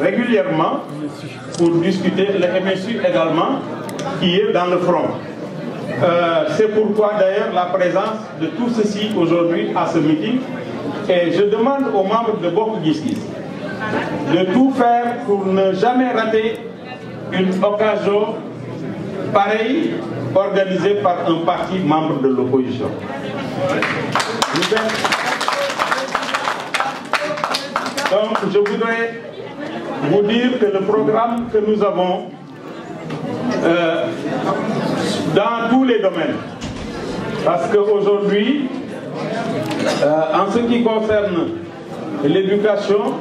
régulièrement pour discuter le MSU également, qui est dans le front. Euh, c'est pourquoi d'ailleurs la présence de tout ceci aujourd'hui à ce meeting. Et je demande aux membres de Bok de tout faire pour ne jamais rater une occasion pareille organisée par un parti membre de l'opposition. Donc, je voudrais vous dire que le programme que nous avons euh, dans tous les domaines, parce qu'aujourd'hui, euh, en ce qui concerne l'éducation,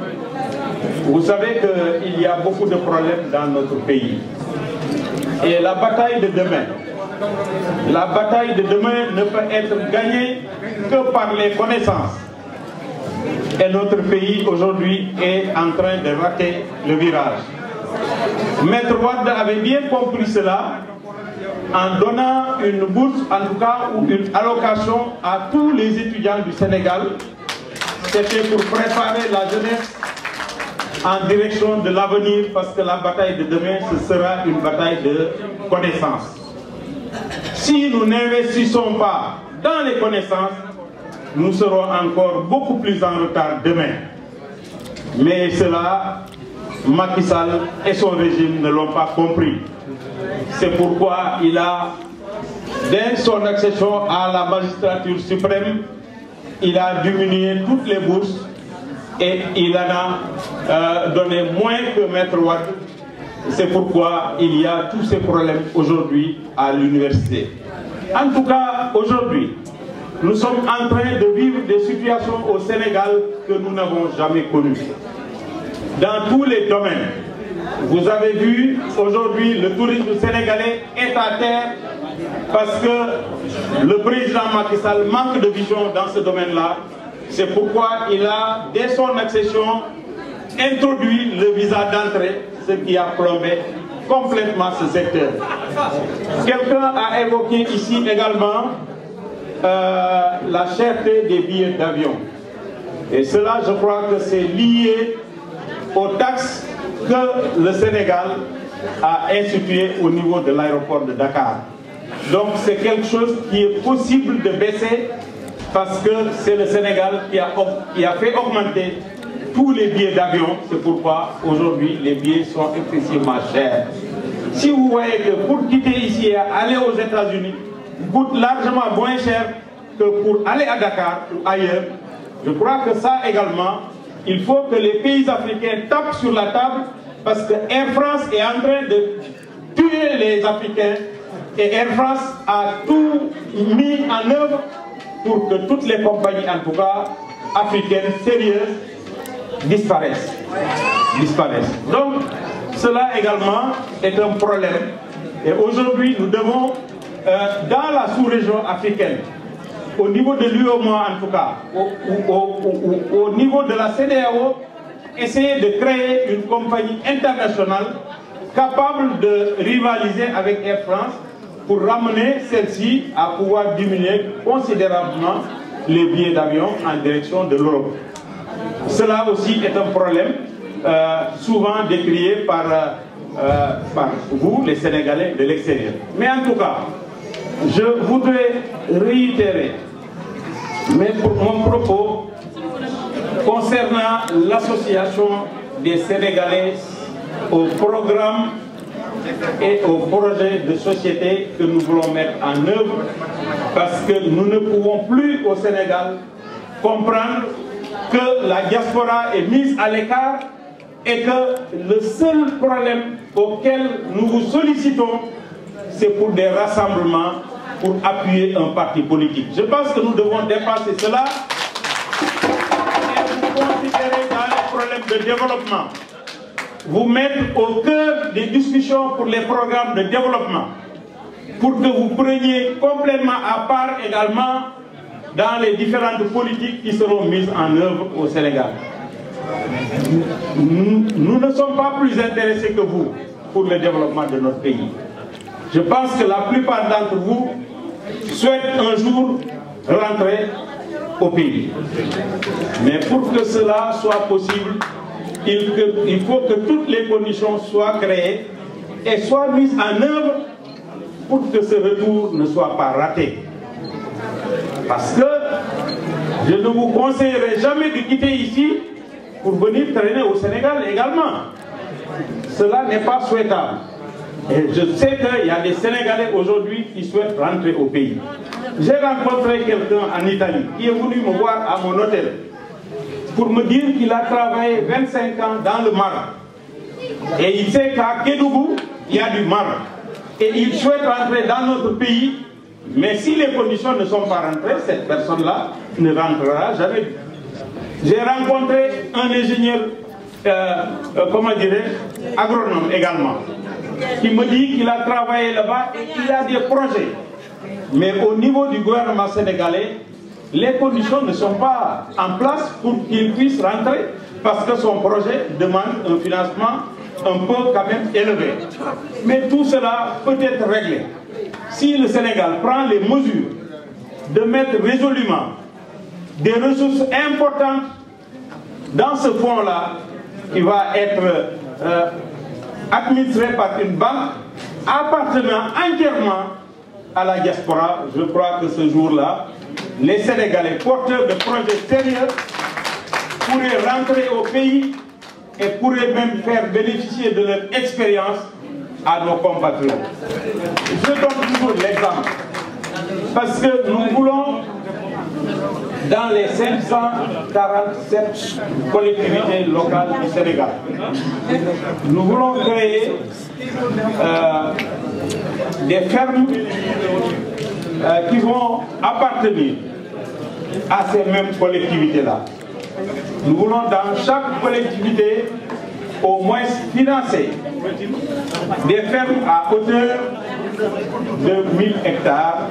vous savez qu'il y a beaucoup de problèmes dans notre pays. Et la bataille de demain, la bataille de demain ne peut être gagnée que par les connaissances. Et notre pays aujourd'hui est en train de rater le virage. Maître Ward avait bien compris cela en donnant une bourse, en tout cas, ou une allocation à tous les étudiants du Sénégal. C'était pour préparer la jeunesse en direction de l'avenir parce que la bataille de demain, ce sera une bataille de connaissances. Si nous n'investissons pas dans les connaissances, nous serons encore beaucoup plus en retard demain. Mais cela, Macky Sall et son régime ne l'ont pas compris. C'est pourquoi il a, dès son accession à la magistrature suprême, il a diminué toutes les bourses et il en a euh, donné moins que Maître Watt. C'est pourquoi il y a tous ces problèmes aujourd'hui à l'université. En tout cas, aujourd'hui, nous sommes en train de vivre des situations au Sénégal que nous n'avons jamais connues. Dans tous les domaines, vous avez vu aujourd'hui le tourisme sénégalais est à terre parce que le président Macky Sall manque de vision dans ce domaine-là. C'est pourquoi il a, dès son accession, introduit le visa d'entrée, ce qui a plombé complètement ce secteur. Quelqu'un a évoqué ici également euh, la cherté des billets d'avion. Et cela, je crois que c'est lié aux taxes que le Sénégal a instituées au niveau de l'aéroport de Dakar. Donc c'est quelque chose qui est possible de baisser parce que c'est le Sénégal qui a, qui a fait augmenter tous les billets d'avion. C'est pourquoi aujourd'hui les billets sont excessivement chers. Si vous voyez que pour quitter ici et aller aux États-Unis, coûte largement moins cher que pour aller à Dakar ou ailleurs. Je crois que ça également, il faut que les pays africains tapent sur la table parce que Air France est en train de tuer les Africains et Air France a tout mis en œuvre pour que toutes les compagnies, en tout cas africaines sérieuses, disparaissent. disparaissent. Donc, cela également est un problème. Et aujourd'hui, nous devons euh, dans la sous-région africaine, au niveau de l'UOMA en tout cas, au, au, niveau de la CDAO, essayer de créer une compagnie internationale capable de rivaliser avec Air France pour ramener celle-ci à pouvoir diminuer considérablement les billets d'avion en direction de l'Europe. Cela aussi est un problème euh, souvent décrié par, euh, par vous, les Sénégalais de l'extérieur. Mais en tout cas, je voudrais réitérer mon propos concernant l'association des Sénégalais au programme et au projet de société que nous voulons mettre en œuvre parce que nous ne pouvons plus au Sénégal comprendre que la diaspora est mise à l'écart et que le seul problème auquel nous vous sollicitons, c'est pour des rassemblements pour appuyer un parti politique. Je pense que nous devons dépasser cela et vous considérer dans les problèmes de développement, vous mettre au cœur des discussions pour les programmes de développement, pour que vous preniez complètement à part également dans les différentes politiques qui seront mises en œuvre au Sénégal. Nous, nous ne sommes pas plus intéressés que vous pour le développement de notre pays. Je pense que la plupart d'entre vous souhaitent un jour rentrer au pays. Mais pour que cela soit possible, il, faut que toutes les conditions soient créées et soient mises en œuvre pour que ce retour ne soit pas raté. Parce que je ne vous conseillerais jamais de quitter ici pour venir traîner au Sénégal également. Cela n'est pas souhaitable je sais qu'il y a des Sénégalais aujourd'hui qui souhaitent rentrer au pays. J'ai rencontré quelqu'un en Italie qui est venu me voir à mon hôtel pour me dire qu'il a travaillé 25 ans dans le Maroc. Et il sait qu'à Kédougou, il y a du Maroc. Et il souhaite rentrer dans notre pays, mais si les conditions ne sont pas rentrées, cette personne-là ne rentrera jamais. J'ai rencontré un ingénieur, euh, euh, comment dirais je agronome également, qui me dit qu'il a travaillé là-bas et qu'il a des projets. Mais au niveau du gouvernement sénégalais, les conditions ne sont pas en place pour qu'il puisse rentrer parce que son projet demande un financement un peu quand même élevé. Mais tout cela peut être réglé. Si le Sénégal prend les mesures de mettre résolument des ressources importantes dans ce fonds-là, Il va être euh, administré par une banque appartenant entièrement à la diaspora. Je crois que ce jour-là, les Sénégalais porteurs de projets sérieux pourraient rentrer au pays et pourraient même faire bénéficier de leur expérience à nos compatriotes. Je donne toujours l'exemple parce que nous voulons dans les 547 collectivités locales du Sénégal. Nous voulons créer euh, des fermes euh, qui vont appartenir à ces mêmes collectivités-là. Nous voulons dans chaque collectivité au moins financer des fermes à hauteur de 1000 hectares,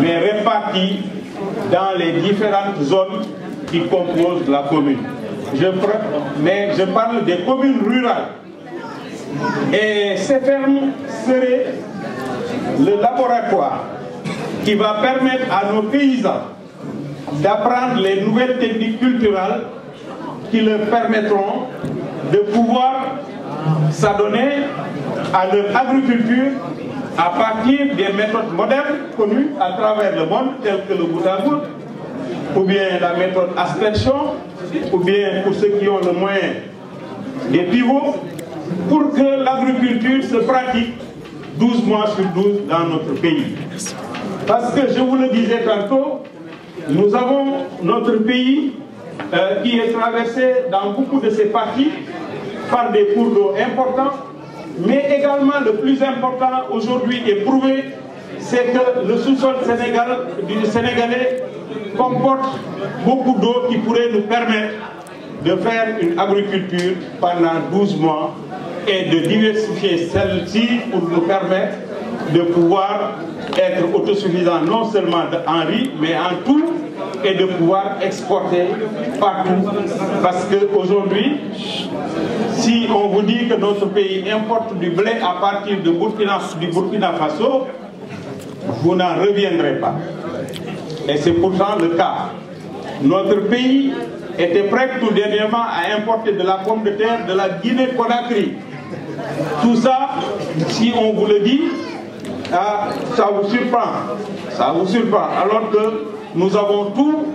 mais réparties dans les différentes zones qui composent la commune. mais je parle des communes rurales. Et ces fermes seraient le laboratoire qui va permettre à nos paysans d'apprendre les nouvelles techniques culturelles qui leur permettront de pouvoir s'adonner à leur agriculture à partir des méthodes modernes connues à travers le monde, telles que le bout à ou bien la méthode aspersion, ou bien pour ceux qui ont le moyen des pivots, pour que l'agriculture se pratique 12 mois sur 12 dans notre pays. Parce que je vous le disais tantôt, nous avons notre pays euh, qui est traversé dans beaucoup de ses parties par des cours d'eau importants mais également, le plus important aujourd'hui est prouvé, c'est que le sous-sol du sénégalais comporte beaucoup d'eau qui pourrait nous permettre de faire une agriculture pendant 12 mois et de diversifier celle-ci pour nous permettre de pouvoir être autosuffisants non seulement en riz, mais en tout et de pouvoir exporter partout. Parce qu'aujourd'hui, si on vous dit que notre pays importe du blé à partir de Burkina, du Burkina Faso, vous n'en reviendrez pas. Et c'est pourtant le cas. Notre pays était prêt tout dernièrement à importer de la pomme de terre de la Guinée-Conakry. Tout ça, si on vous le dit, ah, ça vous surprend. Ça vous surprend. Alors que nous avons tout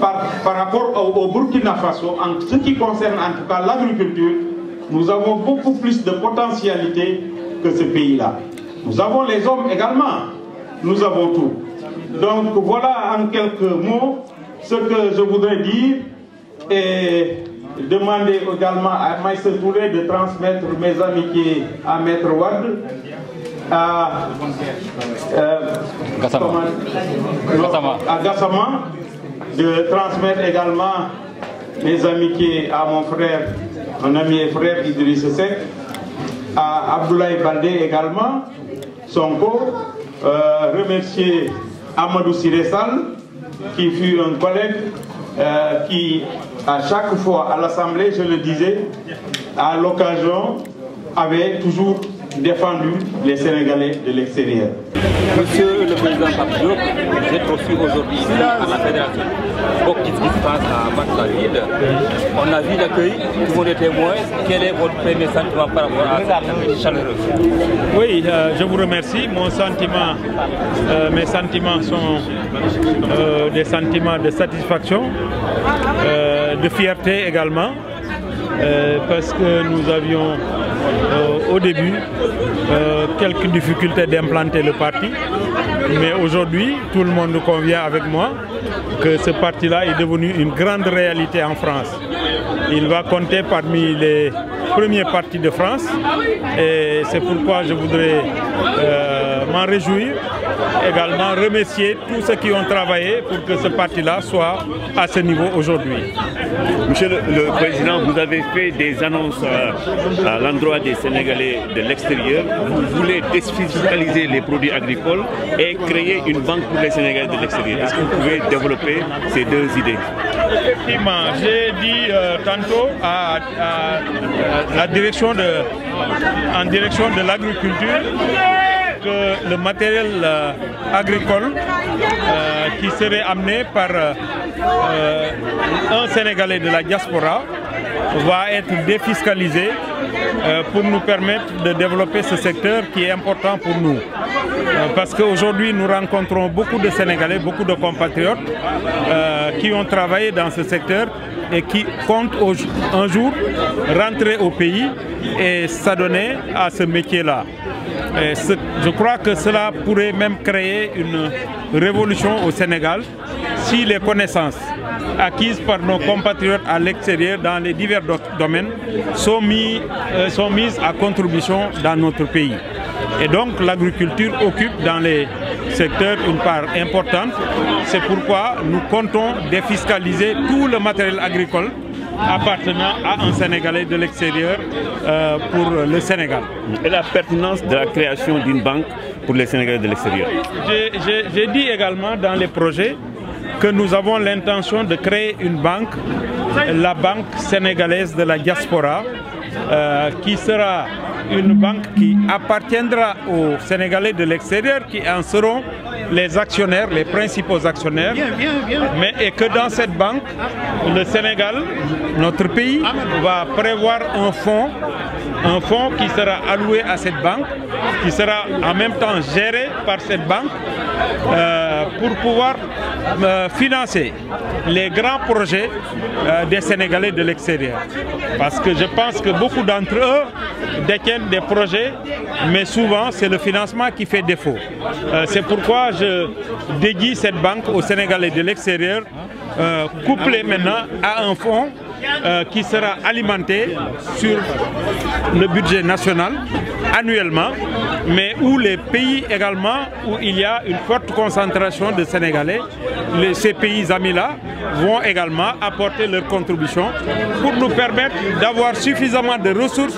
par, rapport au, Burkina Faso, en ce qui concerne en tout cas l'agriculture, nous avons beaucoup plus de potentialité que ce pays-là. Nous avons les hommes également, nous avons tout. Donc voilà en quelques mots ce que je voudrais dire et demander également à Maïs Touré de transmettre mes amitiés à Maître Ward à euh, euh, Gassama. de euh, transmettre également mes amitiés à mon frère, mon ami et frère Idriss Sek, à Abdoulaye Baldé également, son co, remercier Amadou Siressal, qui fut un collègue qui, à chaque fois à l'Assemblée, je le disais, à l'occasion, avait toujours défendu les Sénégalais de l'extérieur. Monsieur le Président vous êtes reçu aujourd'hui à la Fédération. Beaucoup de se passe à max On a vu l'accueil, tout les témoins, Quel est votre premier sentiment par rapport à cette chaleureuse Oui, euh, je vous remercie. Mon sentiment, euh, mes sentiments sont euh, des sentiments de satisfaction, de fierté également, parce que nous avions euh, au début euh, quelques difficultés d'implanter le parti, mais aujourd'hui tout le monde convient avec moi que ce parti-là est devenu une grande réalité en France. Il va compter parmi les premiers partis de France et c'est pourquoi je voudrais... Euh, m'en réjouir, également remercier tous ceux qui ont travaillé pour que ce parti-là soit à ce niveau aujourd'hui. Monsieur le, Président, vous avez fait des annonces euh, à, l'endroit des Sénégalais de l'extérieur. Vous voulez défiscaliser les produits agricoles et créer une banque pour les Sénégalais de l'extérieur. Est-ce que vous pouvez développer ces deux idées Effectivement, j'ai dit euh, tantôt la direction de, en direction de l'agriculture que euh, le matériel euh, agricole euh, qui serait amené par un Sénégalais de la diaspora va être défiscalisé pour nous permettre de développer ce secteur qui est important pour nous. Parce qu'aujourd'hui, nous rencontrons beaucoup de Sénégalais, beaucoup de compatriotes qui ont travaillé dans ce secteur et qui comptent un jour rentrer au pays et s'adonner à ce métier-là je crois que cela pourrait même créer une révolution au Sénégal si les connaissances acquises par nos compatriotes à l'extérieur dans les divers domaines sont, euh, sont mises à contribution dans notre pays. Et donc l'agriculture occupe dans les secteurs une part importante. C'est pourquoi nous comptons défiscaliser tout le matériel agricole appartenant à un Sénégalais de l'extérieur euh, pour le Sénégal. Et la pertinence de la création d'une banque pour les Sénégalais de l'extérieur J'ai dit également dans les projets que nous avons l'intention de créer une banque, la Banque sénégalaise de la diaspora, euh, qui sera une banque qui appartiendra aux Sénégalais de l'extérieur qui en seront les actionnaires, les principaux actionnaires, mais et que dans cette banque, le Sénégal, notre pays, va prévoir un fonds, un qui sera alloué à cette banque, qui sera en même temps géré par cette banque euh, pour pouvoir euh, financer les grands projets euh, des Sénégalais de l'extérieur. Parce que je pense que beaucoup d'entre eux détiennent des projets, mais souvent c'est le financement qui fait défaut. Euh, c'est pourquoi je dédie cette banque aux Sénégalais de l'extérieur, euh, couplée maintenant à un fonds euh, qui sera alimenté sur le budget national annuellement, mais où les pays également, où il y a une forte concentration de Sénégalais, ces pays amis-là vont également apporter leur contribution pour nous permettre d'avoir suffisamment de ressources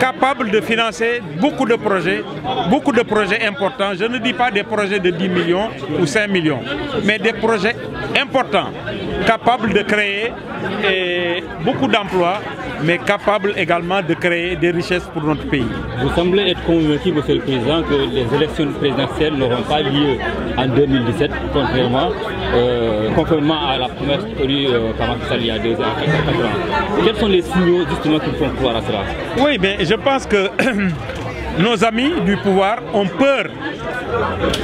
capables de financer beaucoup de projets, beaucoup de projets importants. Je ne dis pas des projets de 10 millions ou 5 millions, mais des projets importants, capables de créer et beaucoup d'emplois, mais capable également de créer des richesses pour notre pays. Vous semblez être convaincu, Monsieur le Président, que les élections présidentielles n'auront pas lieu en 2017, contrairement, euh, à la promesse tenue euh, par il y a deux ans, Quels sont les signaux justement qui font croire à cela Oui, mais je pense que nos amis du pouvoir ont peur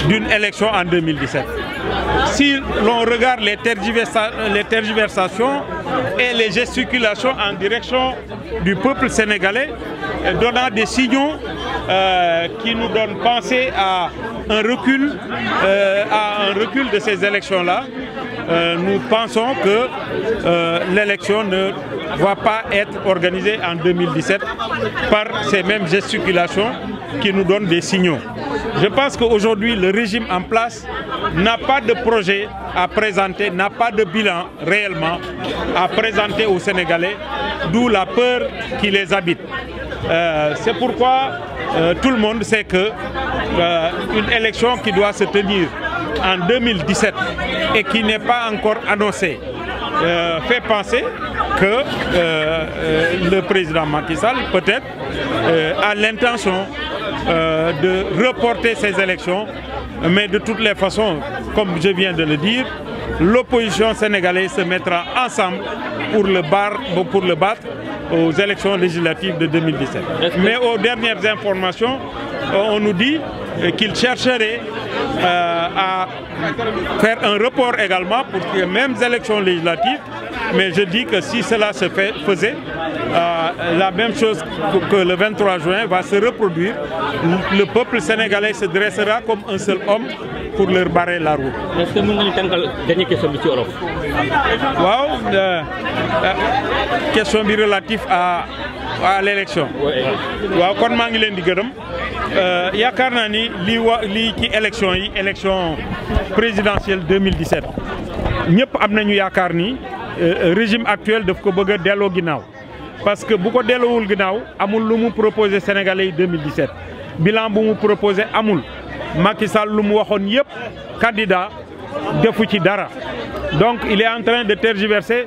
d'une élection en 2017. Si l'on regarde les tergiversations et les gesticulations en direction du peuple sénégalais, donnant des signaux euh, qui nous donnent penser à un recul, euh, à un recul de ces élections-là. Euh, nous pensons que l'élection ne va pas être organisée en 2017 par ces mêmes gesticulations qui nous donne des signaux. Je pense qu'aujourd'hui, le régime en place n'a pas de projet à présenter, n'a pas de bilan réellement à présenter aux Sénégalais, d'où la peur qui les habite. Euh, c'est pourquoi euh, tout le monde sait que euh, une élection qui doit se tenir en 2017 et qui n'est pas encore annoncée, euh, fait penser que euh, euh, le président Macky peut-être a l'intention de reporter ces élections, mais de toutes les façons, comme je viens de le dire, l'opposition sénégalaise se mettra ensemble pour le, bar, pour le battre aux élections législatives de 2017. Mais aux dernières informations, on nous dit qu'il chercherait euh, à faire un report également pour les mêmes élections législatives. Mais je dis que si cela se faisait, euh, la même chose que le 23 juin va se reproduire. Le peuple sénégalais se dressera comme un seul homme pour leur barrer la route. Est-ce que nous avons dernière question, Wow, euh, question relative à à l'élection Oui. kon maa ngi il di gërëm euh, yaakaar élection élection présidentielle 2017 Nous avons dit que le régime actuel de ko bëgg parce que beaucoup de delloowul ginnaaw amul proposé Sénégalais 2017 bilan bu mu proposé amul Macky Sall candidat de ci dara donc il est en train de tergiverser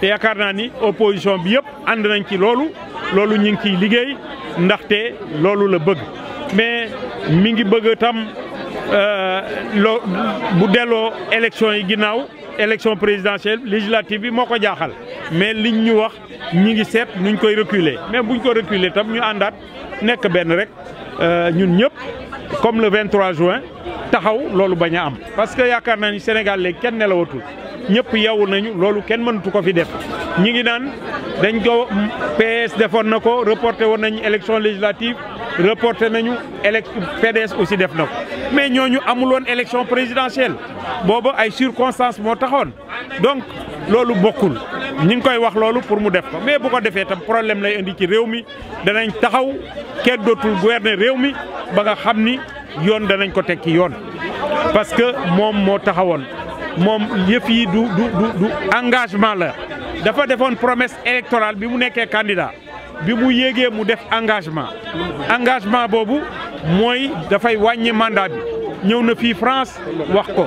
te yaakaar naa ni opposition bi yëpp ànd nañ ci loolu loolu ñu ngi ciy liggéey ndaxte loolu la bëgg mais mi ngi bëgg tam euh, loo bu delloo élection yi ginnaaw élection présidentielle législative bi moo ko jaaxal mais liñ ñu wax ñi ngi seet nuñ koy reculer mais buñ ko reculer tam ñu àndaat nekk benn rek Euh, ñun ñëpp comme le 23 juin taxaw lolu baña am. parce que yaakaar naa ni Sénégal léegi kenn nelawatul ñëpp yow nañu lolu kenn mënatu ko fi def ñi ngi naan dañ ko PS defoon nako reporter won woon nañu élection législative reporter nañu élection PDS aussi def nako mais ñoñu amul won élection présidentielle booba ay circonstances mo taxone donc. loolu bokkul ñi ngi koy wax loolu pour mu def ko mais bu ko defee tam problème lay indi ci réew mi danañ taxaw kenn dootul gouverner réew mi ba nga xam ni yoon danañ ko teg ci yoon. parce que moom moo taxawoon moom yëf yi du du du engagement la dafa defoon promesse électorale bi mu nekkee candidat bi mu yéegee mu def engagement engagement boobu mooy dafay wàññi mandat bi. ñëw na France wax ko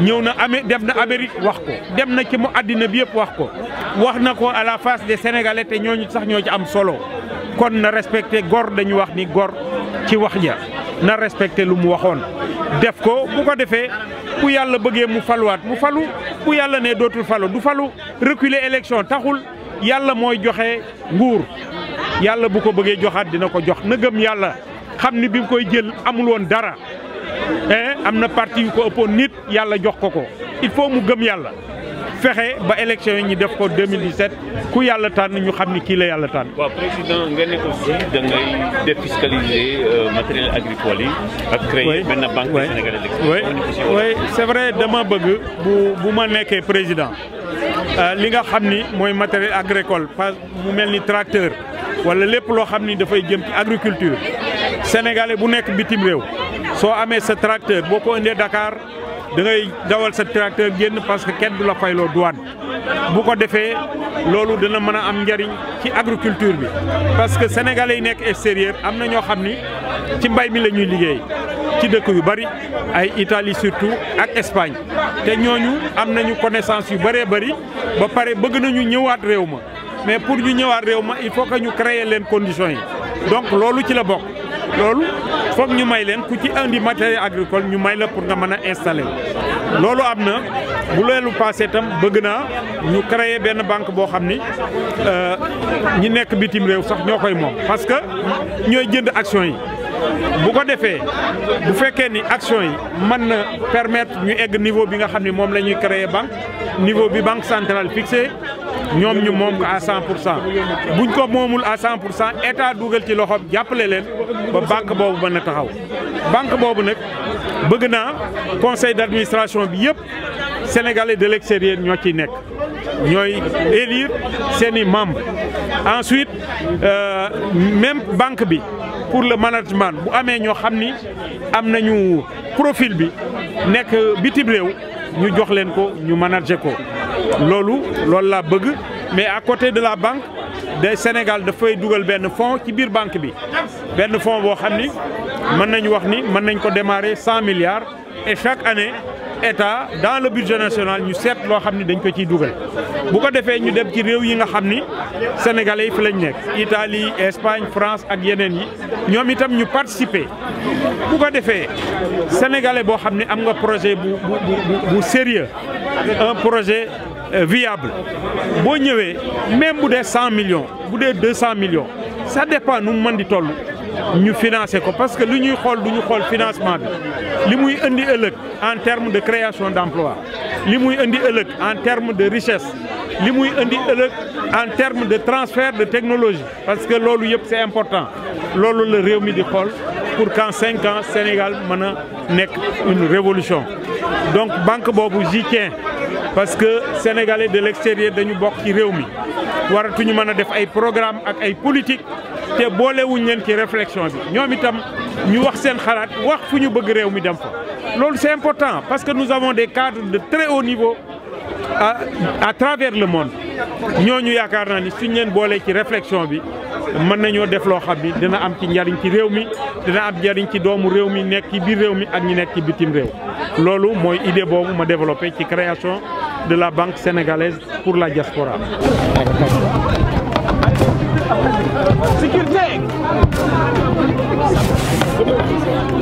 na na Amérique wax ko dem na ci mu adina bi yëpp wax ko wax na ko à la face des Sénégalais té sax ci am solo kon na respecté gor dañu wax ni gor ci wax ja na respecter lu mu def ko bu ko défé bu Yalla nous mu Nous mu ne dotul falu du falu reculer élection taxul Yalla moy joxé nguur Yalla bu ko bëggé joxat dina ko jox na gëm Yalla xamni koy jël amul won dara eh, am na parti ko ëppoon nit yalla jox ko ko il faut mu gëm yalla fexé ba élection yi ñu def ko 2017 ku yalla tan ñu xamni ki la yalla tan wa président nga ne ko aussi da ngay défiscaliser euh, matériel agricole ak créer benn banque sénégalaise oui c'est vrai dama bëgg bu bu ma nekkee président euh, li nga xamni moy matériel agricole mu melni tracteur wala lépp lo xamni da fay jëm ci agriculture sénégalais bu nekk bitim si vous avez ce tracteur si Dakar da ngay dawal ce tracteur parce que quelqu'un la douane agriculture parce que sénégalais extérieur ont ci mbay Italie surtout Espagne Et connaissance yu Bari Bari, mais pour ñu il faut que nous créer les conditions donc loolu foog ñu may leen ku ci indi matériel agricole ñu may la pour nga mën a installer loolu am na bu loolu passé itam bëgg naa ñu créer benn banque boo xam ni euh, ñi nekk bitim réew sax ñoo koy moom parce que ñooy jënd action yi. bu ko defee bu fekkee ni action yi man na permettre ñu egg niveau bi nga xamni mom lañuy créer banque niveau bi banque centrale fixé ñom ñu mom ko à 100 buñ ko momul à 100 état dugal ci loxoom jappalé leen ba banque bobu mën taxaw banque bobu nak bëgg na conseil d'administration bi yépp sénégalais de l'extérieur ñoo ciy nekk ñoy élire seeni membres ensuite euh, même banque bi pour le management bu amé ño xamni ni am nañu profil bi nek bitib rew ñu jox len ko ñu manager ko lolu lolu la bëgg mais à côté de la banque des Sénégal fay dugal ben fonds ci biir banque bi ben fonds bo xamni ni nañ wax ni mën nañ ko démarrer 100 milliards et chaque année dans le budget national, nous sommes certes Si on Pourquoi nous des les Sénégalais, Italie, Espagne, France, Agyenéni, nous avons nous participé. Pourquoi nous fait, Sénégalais a un projet sérieux, un projet euh, viable viable. Si on même 100 millions, 200 millions, ça dépend de nous, nous financer parce que nous avons xool du financement Nous avons muy indi en termes de création d'emplois. Nous avons indi en termes de richesse Nous avons en termes de transfert de technologie parce que c'est important Nous la réew mi di pour qu'en 5 ans Sénégal n'ait pas une révolution donc banque Bobo j'y parce que les sénégalais de l'extérieur sont bokk ci Ils ont waratuñu mën a def ay programme ak ay politique te boolewuñ leen ci réflexion bi des itam ñu wax des xalaat wax c'est important parce que nous avons des cadres de très haut niveau à, à travers le monde Nous avons naa ni réflexion mën nañoo def loo xam ni dina am ci njariñ ci réew mi dina am njariñ ci doomu réew mi nekk ci biir réew mi ak ñi nekk ci bitim réew loolu mooy idée boobu ma développé ci création de la banque sénégalaise pour la diaspora